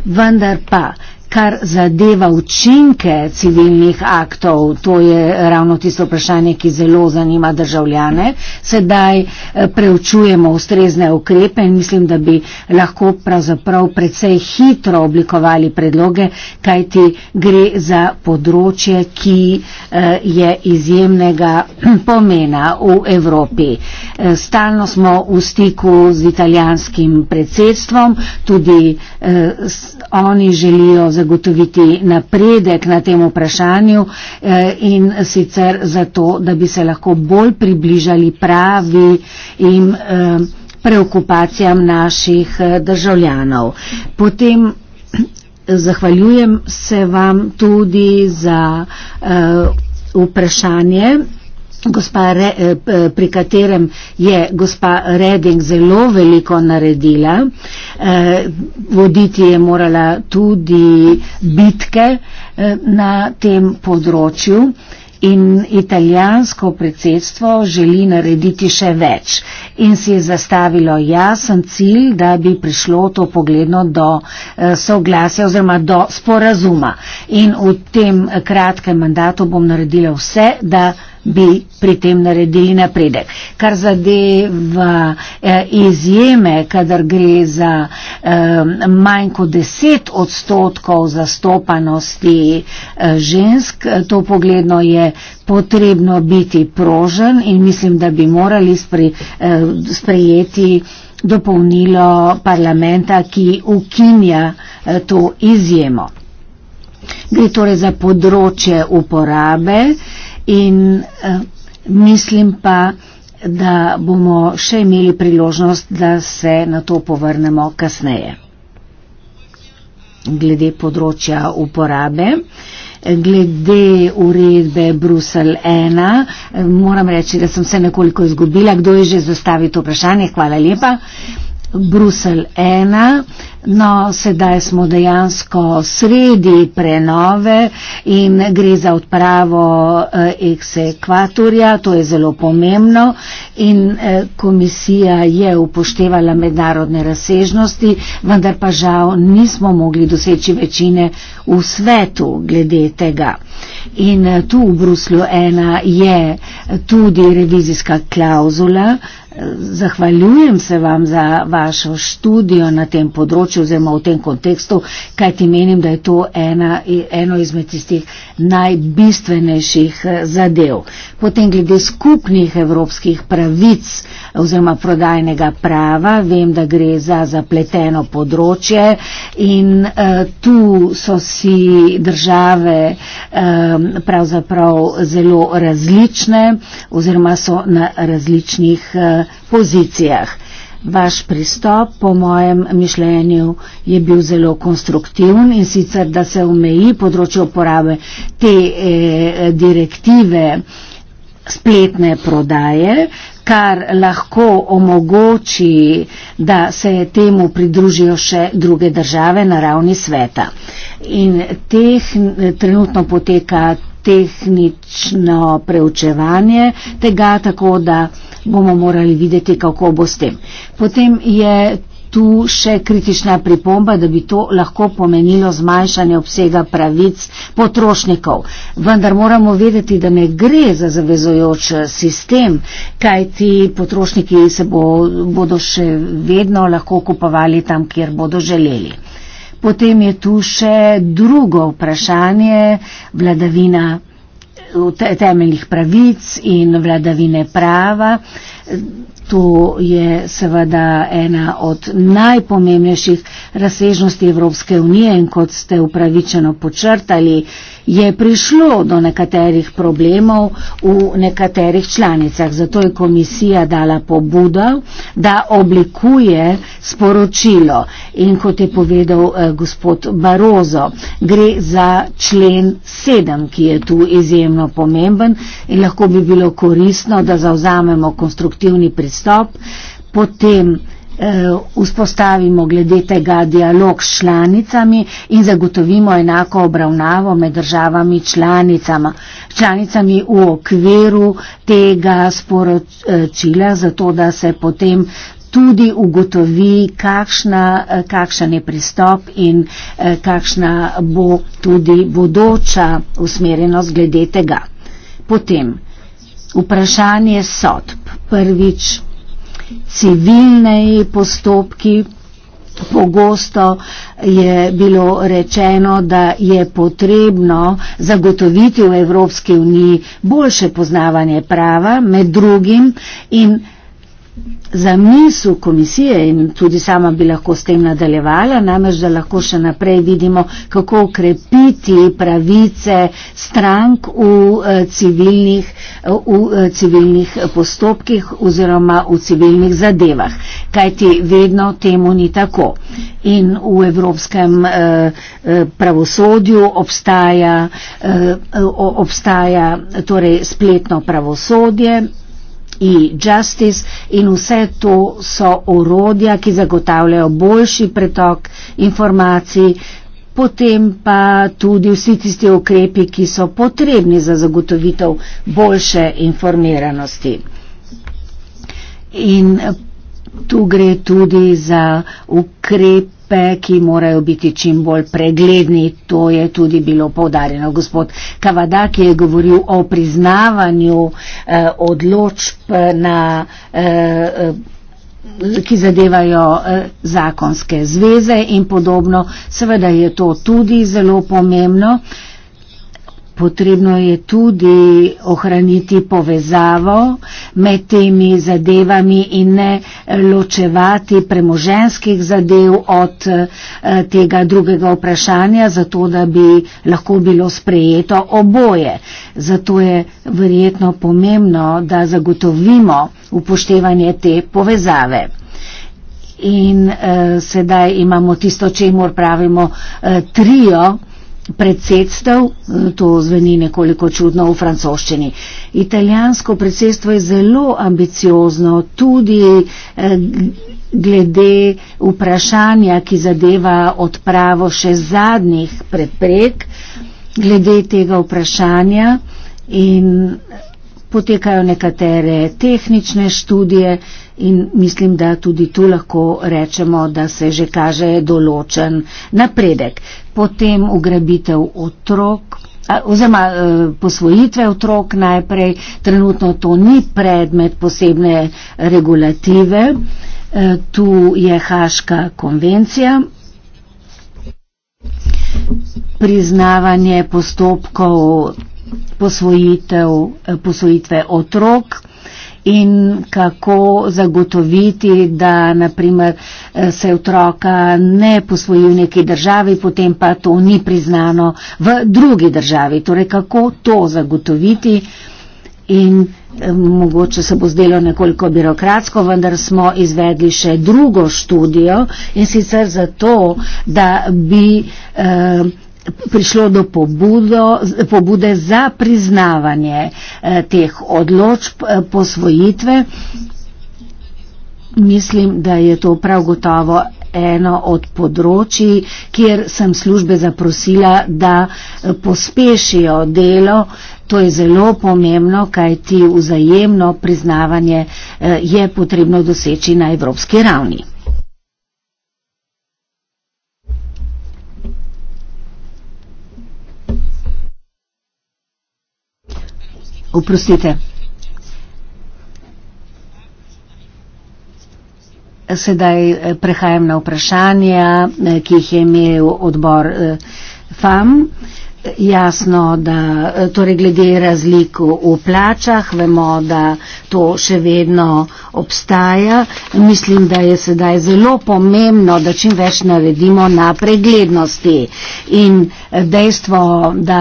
Vendar pa, kar zadeva učinke civilnih aktov, to je ravno tisto vprašanje, ki zelo zanima državljane. Sedaj eh, preučujemo ustrezne ukrepe in mislim, da bi lahko pravzaprav precej hitro oblikovali predloge, kajti gre za področje, ki eh, je izjemnega [clears throat] pomena v Evropi. Eh, stalno smo v stiku z italijanskim predsedstvom, tudi oni želijo zagotoviti napredek na tem vprašanju eh, in sicer zato, da bi se lahko bolj približali pravi in eh, preokupacijam naših eh, državljanov. Potem [clears throat] zahvaljujem se vam tudi za vprašanje gospa Re, eh, eh, pri katerem je gospa Reding zelo veliko naredila. Eh, voditi je morala tudi bitke na tem področju. In italijansko predsedstvo želi narediti še več in si je zastavilo jasen cilj, da bi prišlo to pogledno do soglasja oziroma do sporazuma. In v tem kratkem mandatu bom naredila vse, da bi pri tem naredili napredek. Kar zadeva eh, izjeme, kadar gre za eh, manj kot deset odstotkov zastopanosti eh, žensk, to pogledno je potrebno biti prožen in mislim, da bi morali sprejeti dopolnilo parlamenta, ki ukinja to izjemo. Gre torej za področje uporabe in uh, mislim pa, da bomo še imeli priložnost, da se na to povrnemo kasneje. Glede področja uporabe, glede uredbe Brusel 1, eh, moram reči, da sem se nekoliko izgubila, kdo je že zastavil to vprašanje, hvala lepa. Brusel 1, uh, No, sedaj smo dejansko sredi prenove in gre za odpravo eh, eksekvatorja, to je zelo pomembno in eh, komisija je upoštevala mednarodne razsežnosti, vendar pa žal nismo mogli doseči večine v svetu glede tega. In eh, tu v Bruslju ena je tudi revizijska klauzula, Zahvaljujem se vam za vašo študijo na tem področju oziroma v tem kontekstu, kaj ti menim, da je to ena, eno izmed tistih najbistvenejših eh, zadev. Potem glede skupnih evropskih pravic oziroma prodajnega prava, vem, da gre za zapleteno področje in uh, tu so si države um, pravzaprav zelo različne oziroma so na različnih uh, pozicijah. Vaš pristop, po mojem mišljenju, je bil zelo konstruktiven in sicer, da se omeji področje uporabe te eh, direktive spletne prodaje, kar lahko omogoči, da se temu pridružijo še druge države na ravni sveta. In teh trenutno poteka tehnično preučevanje tega, tako da eh, bomo morali videti, kako bo s tem. Potem je tu še kritična pripomba, da bi to lahko pomenilo zmanjšanje obsega pravic potrošnikov. Vendar moramo vedeti, da ne gre za zavezojoč eh, sistem, kaj ti potrošniki se bo, bodo še vedno lahko kupovali tam, kjer bodo želeli. Potem je tu še drugo vprašanje, vladavina temeljnih pravic in vladavine prava, To je seveda ena od najpomembnejših razsežnosti Evropske unije in kot ste upravičeno počrtali, je prišlo do nekaterih problemov v nekaterih članicah. Zato je komisija dala pobudo, da oblikuje sporočilo. In kot je povedal eh, gospod Barozo, gre za člen 7, ki je tu izjemno pomemben in lahko bi bilo koristno, da zauzamemo konstrukcijo konstruktivni pristop, potem eh, vzpostavimo glede tega dialog s članicami in zagotovimo enako obravnavo med državami članicama, članicami v okviru tega sporočila, zato da se potem tudi ugotovi, kakšna, eh, kakšen je pristop in eh, kakšna bo tudi bodoča usmerjenost glede tega. Potem vprašanje sodb prvič civilni postopki. Pogosto je bilo rečeno, da je potrebno zagotoviti v Evropski uniji boljše poznavanje prava med drugim in za misel komisije in tudi sama bi lahko s tem nadaljevala, namreč da lahko še naprej vidimo, kako ukrepiti pravice strank v eh, civilnih, v eh, civilnih postopkih oziroma v civilnih zadevah, kajti vedno temu ni tako. In v evropskem eh, eh pravosodju obstaja, eh, obstaja torej spletno pravosodje i justice in vse to so orodja, ki zagotavljajo boljši pretok informacij, potem pa tudi vsi tisti ukrepi, ki so potrebni za zagotovitev boljše informiranosti. In tu gre tudi za ukrep pogodbe, ki morajo biti čim bolj pregledni, to je tudi bilo povdarjeno. Gospod Kavadak je govoril o priznavanju eh, odločb, na, eh, eh, ki zadevajo eh, zakonske zveze in podobno. Seveda je to tudi zelo pomembno. Eh, potrebno je tudi ohraniti povezavo med temi zadevami in ne ločevati premoženskih zadev od eh, tega drugega vprašanja, zato da bi lahko bilo sprejeto oboje. Zato je verjetno pomembno, da zagotovimo upoštevanje te povezave. In eh, sedaj imamo tisto, če mor pravimo eh, trio, eh, predsedstv, eh, to zveni nekoliko čudno v francoščini. Italijansko predsedstvo je zelo ambiciozno, tudi eh, glede vprašanja, ki zadeva odpravo še zadnjih preprek, glede tega vprašanja in potekajo nekatere tehnične študije in mislim, da tudi tu lahko rečemo, da se že kaže določen napredek. Potem ugrabitev otrok. Oziroma e, posvojitve otrok najprej, trenutno to ni predmet posebne regulative, e, tu je Haška konvencija, priznavanje postopkov posvojitev, eh, posvojitve otrok in kako zagotoviti, da naprimer eh, se otroka ne posvoji v neki državi, potem pa to ni priznano v drugi državi. Torej, kako to zagotoviti in eh, mogoče se bo zdelo nekoliko birokratsko, vendar smo izvedli še drugo študijo in sicer zato, da bi eh, prišlo do pobudo, pobude za priznavanje eh, teh odločb eh, posvojitve. Mislim, da je to prav gotovo eno od področji, kjer sem službe zaprosila, da eh, pospešijo delo. To je zelo pomembno, kaj ti vzajemno priznavanje je potrebno doseči na evropski ravni. Oprostite. Sedaj eh, prehajam na vprašanja, eh, ki jih je imel odbor eh, FAM. Uh, Jasno, da eh, torej glede razlik v plačah, vemo, da to še vedno obstaja. Mislim, da je sedaj zelo pomembno, da čim več naredimo na preglednosti. In eh, dejstvo, da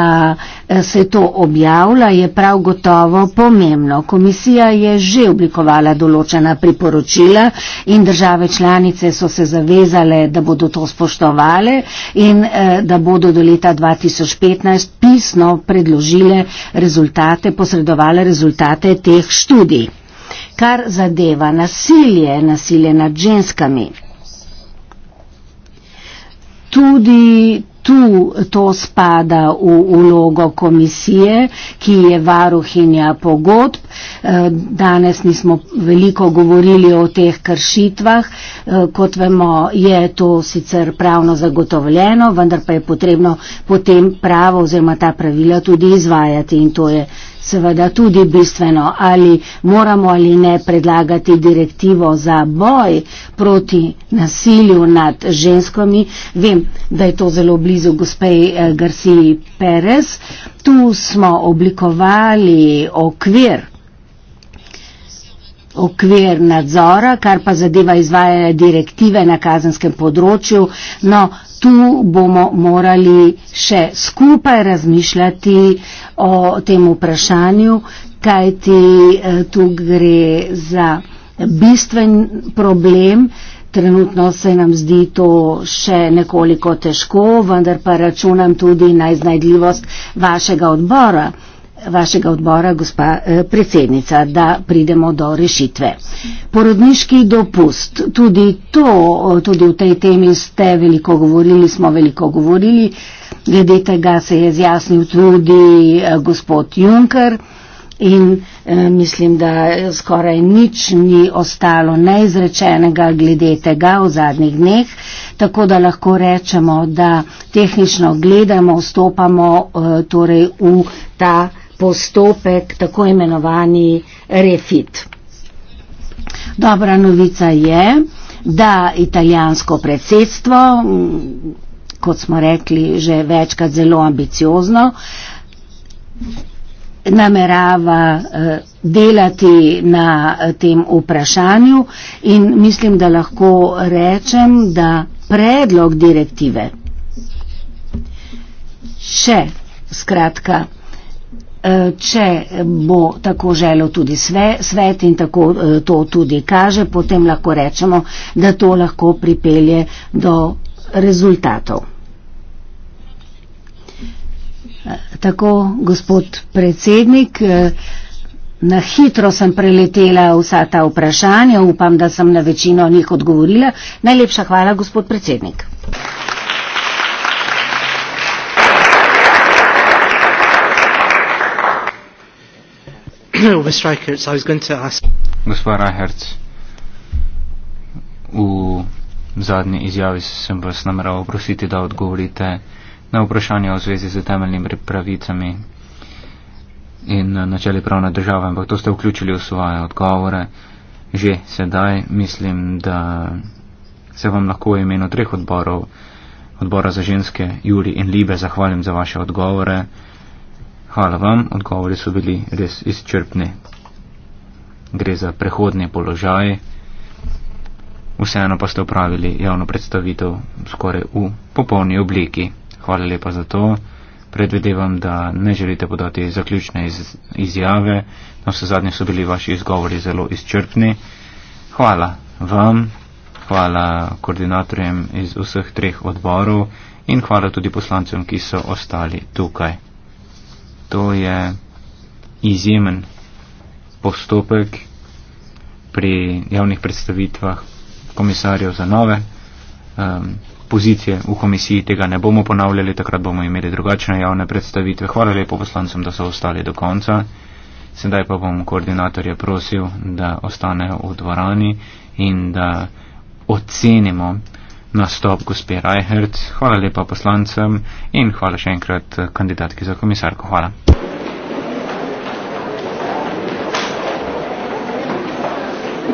eh, se to objavlja, je prav gotovo pomembno. Komisija je že oblikovala določena priporočila in države članice so se zavezale, da bodo to spoštovale in da bodo do leta 2005 2015 pisno predložile rezultate, posredovale rezultate teh študij. Kar zadeva nasilje, nasilje nad ženskami. Tudi tu to spada v ulogo komisije, ki je varuhinja pogodb. Eh, danes nismo veliko govorili o teh kršitvah. Eh, kot vemo, je to sicer pravno zagotovljeno, vendar pa je potrebno potem pravo oziroma ta pravila tudi izvajati in to je seveda tudi bistveno, ali moramo ali ne predlagati direktivo za boj proti nasilju nad ženskami. Vem, da je to zelo blizu gospej eh, Garciji Perez. Tu smo oblikovali okvir okvir nadzora, kar pa zadeva izvajanje direktive na kazenskem področju. No, tu bomo morali še skupaj razmišljati o tem vprašanju, kajti eh, tu gre za bistven problem. Trenutno se nam zdi to še nekoliko težko, vendar pa računam tudi na iznajdljivost vašega odbora vašega odbora, gospa eh, predsednica, da pridemo do rešitve. Porodniški dopust, tudi to, tudi v tej temi ste veliko govorili, smo veliko govorili, glede tega se je zjasnil tudi eh, gospod Juncker in eh, mislim, da skoraj nič ni ostalo neizrečenega glede tega v zadnjih dneh, tako da lahko rečemo, da tehnično gledamo, vstopamo torej v ta postopek, tako imenovani refit. Dobra novica je, da italijansko predsedstvo, kot smo rekli že večkrat zelo ambiciozno, namerava eh, delati na eh, tem vprašanju in mislim, da lahko rečem, da predlog direktive še skratka Eh, če bo tako želel tudi svet in tako eh, to tudi kaže, potem lahko rečemo, da to lahko pripelje do rezultatov. Eh, tako, gospod predsednik, na hitro sem preletela vsa ta vprašanja, upam, da sem na večino njih odgovorila. Najlepša hvala, gospod predsednik. Miss Reichertz, I was going to ask. Gospa Reichertz, v zadnji izjavi sem vas nameraval prositi, da odgovorite na vprašanje o zvezi z temeljnimi pravicami in načeli pravne države, ampak to ste vključili v svoje odgovore. Že sedaj mislim, da se vam lahko v imenu treh odborov, odbora za ženske, Juri in Libe, zahvalim za vaše odgovore. Hvala vam, odgovori so bili res izčrpni. Gre za prehodne položaje, vseeno pa ste upravili javno predstavitev skoraj v popolni obliki. Hvala lepa za to. Predvidevam, da ne želite podati zaključne iz, izjave, na vse zadnje so bili vaši izgovori zelo izčrpni. Hvala vam, hvala koordinatorjem iz vseh treh odborov in hvala tudi poslancem, ki so ostali tukaj to je izjemen postopek pri javnih predstavitvah komisarjev za nove um, pozicije v komisiji. Tega ne bomo ponavljali, takrat bomo imeli drugačne javne predstavitve. Hvala lepo poslancem, da so ostali do konca. Sedaj pa bom koordinatorja prosil, da ostane v dvorani in da ocenimo, nastop gospe Reihert, hvala lepa poslancem in hvala še enkrat eh, kandidatki za komisarko. Hvala.